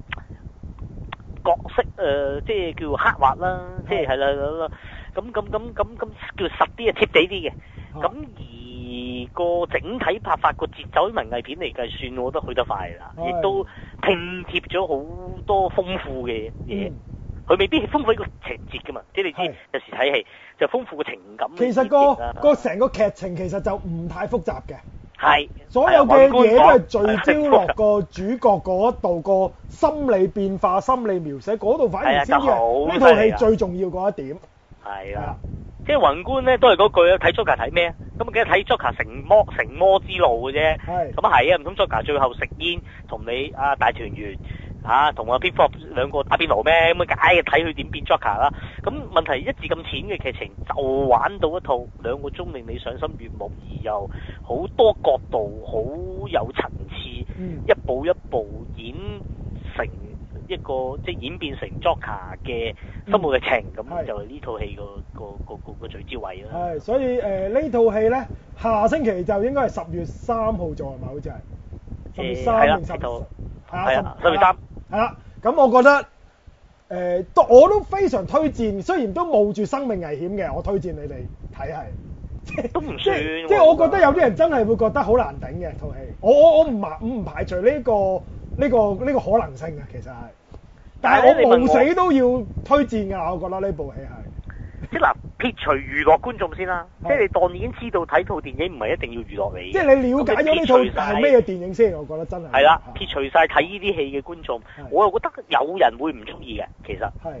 A: 角色誒、呃，即係叫刻畫啦，嗯、即係係啦，咁咁咁咁咁叫實啲啊貼地啲嘅。咁、嗯、而個整體拍法個節奏，啲文藝片嚟計算，我覺得去得快啦，亦、嗯、都拼貼咗好多豐富嘅嘢。嗯佢未必係豐富個情節噶嘛，即係你知是有時睇戲就豐富個情感點點。其實個
B: 個成個劇情其實就唔太複雜嘅。係是，所有嘅嘢都係聚焦落個主角嗰度個心理變化、心理描寫嗰度，反而先至係呢套戲最重要嗰一點。
A: 係啦的，即係宏觀咧，都係嗰句啊，睇 Joker 睇咩？咁啊，記得睇 Joker《成魔成魔之路》嘅啫的。係。咁啊係啊，唔通 Joker 最後食煙同你啊大團圓。嚇，同啊 P.F.O.P. 兩個打邊爐咩咁啊？解睇佢點變 Joker 啦。咁問題一字咁淺嘅劇情，就玩到一套兩個鐘令你賞心悦目，而又好多角度好有層次，一步一步演成一個即係演變成 Joker 嘅心裏嘅情。咁、嗯、就係呢套戲是個個個個聚焦位啦。係，
B: 所以誒、呃、呢套戲咧，下星期就應該係十月三號做係咪？好似
A: 係十月三定十月，係啊，十月、啊、三。
B: 係啦，咁、嗯、我覺得誒都、呃、我都非常推薦，雖然都冒住生命危險嘅，我推薦你哋睇係，即係都唔算，即係我覺得有啲人真係會覺得好難頂嘅套戲，我我我唔排唔排除呢個呢個呢個可能性啊，其實係，
A: 但係我冒死
B: 都要推薦㗎，我覺得呢部
A: 戲係。 即嗱，撇除娛樂觀眾先啦，即係你當已經知道睇套電影唔係一定要娛樂你。即係你了解咗呢套係咩
B: 電影先， 我覺得真係。係
A: 啦的，撇除晒睇呢啲戲嘅觀眾，是的 我又覺得有人會唔中意嘅，其實。係。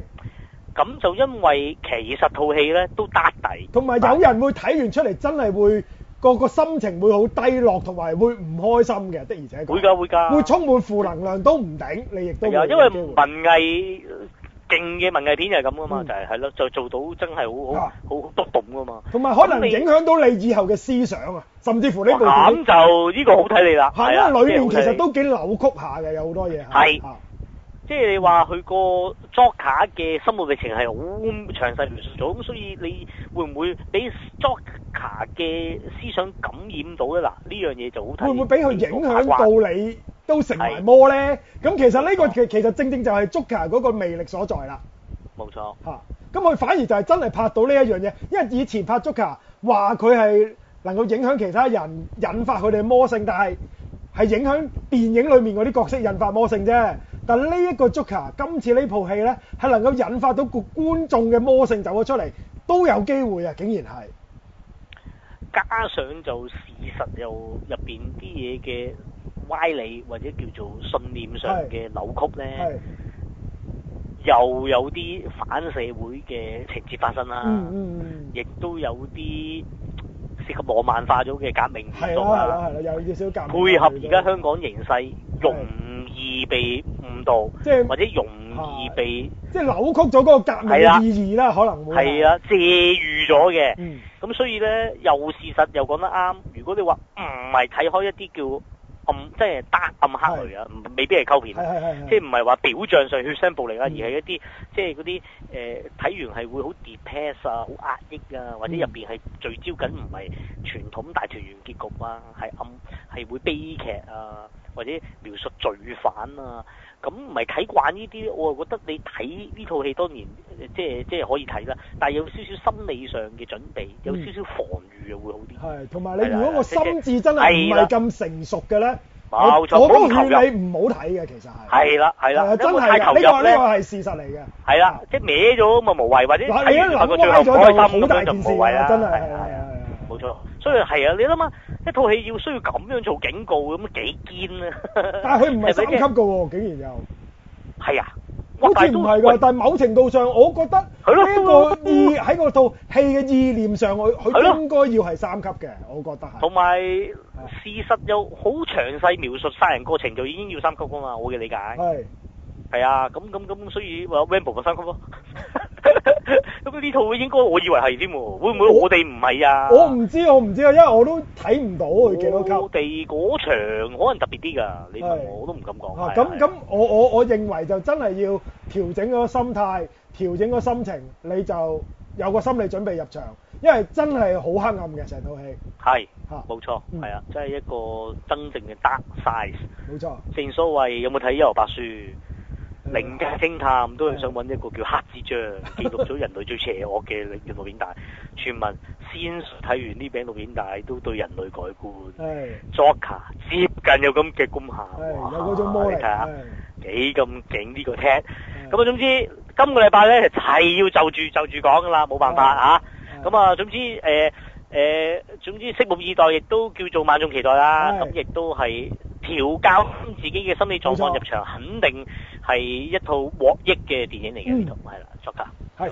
A: 咁就因為其實套戲咧都搭底，
B: 同埋有，有人會睇完出嚟真係會個個心情會好低落，同埋會唔開心嘅，的而且確。會㗎會㗎。會充滿負能量都唔頂，的你亦都。有因為
A: 文藝。 勁嘅文藝片就係咁噶嘛，嗯、就係係咯，就做到真係好、啊、好好好轆動噶嘛，同埋可能影
B: 響到你以後嘅思想啊，
A: 甚至乎呢部電影就呢個好睇你啦，係啊，裏面其實都
B: 幾扭曲下嘅，有好多
A: 嘢係。的即係你話佢個 Joker 嘅《生活歷程》係好詳細描述咗，咁所以你會唔會俾 Joker 嘅思想感染到咧？嗱，呢樣嘢就好睇。會唔會俾佢影響到
B: 你都成埋魔咧？咁是的 其實呢個其其實正正就係 Joker 嗰個魅力所在啦
A: 沒錯、啊。冇錯。嚇！
B: 咁佢反而就係真係拍到呢一樣嘢，因為以前拍 Joker 話佢係能夠影響其他人，引發佢哋嘅魔性，但係係影響電影裡面嗰啲角色引發魔性啫。但呢一個 Joker，今次呢套戲呢，係能夠引發到個觀眾嘅魔性走咗出嚟，都有機會啊！竟然係，
A: 加上就事實又入邊啲嘢嘅歪理或者叫做信念上嘅扭曲呢，又有啲反社會嘅情節發生啦，亦、嗯嗯嗯、都有啲。即係浪漫化咗嘅革命意素啊，
B: 配合而家
A: 香港形勢，容易被誤導，即係的或者容易被
B: 即係扭曲咗嗰個革命意義啦，
A: 的可能會係啊，借喻咗嘅，咁的所以咧又事實又講得啱。如果你話唔係睇開一啲叫暗即係 d 暗黑類啊，未必係溝片，是是是是即係唔係話表象上血腥暴力啦，嗯、而係一啲即係嗰啲誒睇完係會好 depress 啊，好壓抑啊，或者入邊係聚焦緊唔係傳統大團圓結局啊，係暗係會悲劇啊，或者描述罪犯啊。咁唔係睇慣呢啲，我啊覺得你睇呢套戲當然，即係即係可以睇啦。但係有少少心理上嘅準備，有少少防禦就會好啲。係、嗯，
B: 同埋你如果個心智真係唔係咁成熟嘅咧，
A: 我我都勸你唔好睇嘅，其實係。係啦，係啦，真係投入咧，呢、呢個係、呢個、事實嚟嘅。係啦了，即係歪咗咪無謂，或者睇個最開心咁樣就無謂啦，真係。係啊，係啊，冇錯。所以係啊，你諗下一套戲要需要咁樣做警告，咁幾堅啊！但係佢唔係三級
B: 噶喎，竟然又係啊，好似唔係噶，但係某程度上，我覺得呢個意喺個套戲嘅意念上，佢佢應該要係三級嘅，我覺得係。
A: 同埋事實又好詳細描述殺人過程，就已經要三級噶嘛，我嘅理解。係係啊，咁咁咁，所以話 Rambo 個三級囉。咁呢 套應該我以為係添喎，會唔會我哋唔係啊？我
B: 唔知，我唔知啊，因為我都睇唔到佢幾多級。我哋嗰
A: 場可能特別啲㗎，你同我，是我都唔敢講。咁
B: 咁，我我我認為就真係要調整個心態，調整個心情，你就有個心理準備入場，因為真係好黑暗嘅成套戲。
A: 係吓，冇錯，係、嗯、啊，真係一個真正嘅 dark size，冇錯。嗯、錯正所謂，有冇睇《幽遊白書》？凌家偵探都係想揾一個叫黑之蛛，記錄咗人類最邪惡嘅紀錄片帶。傳聞先睇完呢餅錄片帶，都對人類改觀。係的。Joker 接近有咁嘅功效，的哇有嗰種魔力，你睇下幾咁勁呢個 c a 咁啊，的總之今個禮拜咧係要就住就住講㗎啦，冇辦法啊。咁啊的、呃呃，總之誒誒，總之拭目以待，亦都叫做萬眾期待啦。咁亦都係。調教自己嘅心理狀況入場，錯肯定係一套獲益嘅電影嚟嘅，呢係啦，作家吧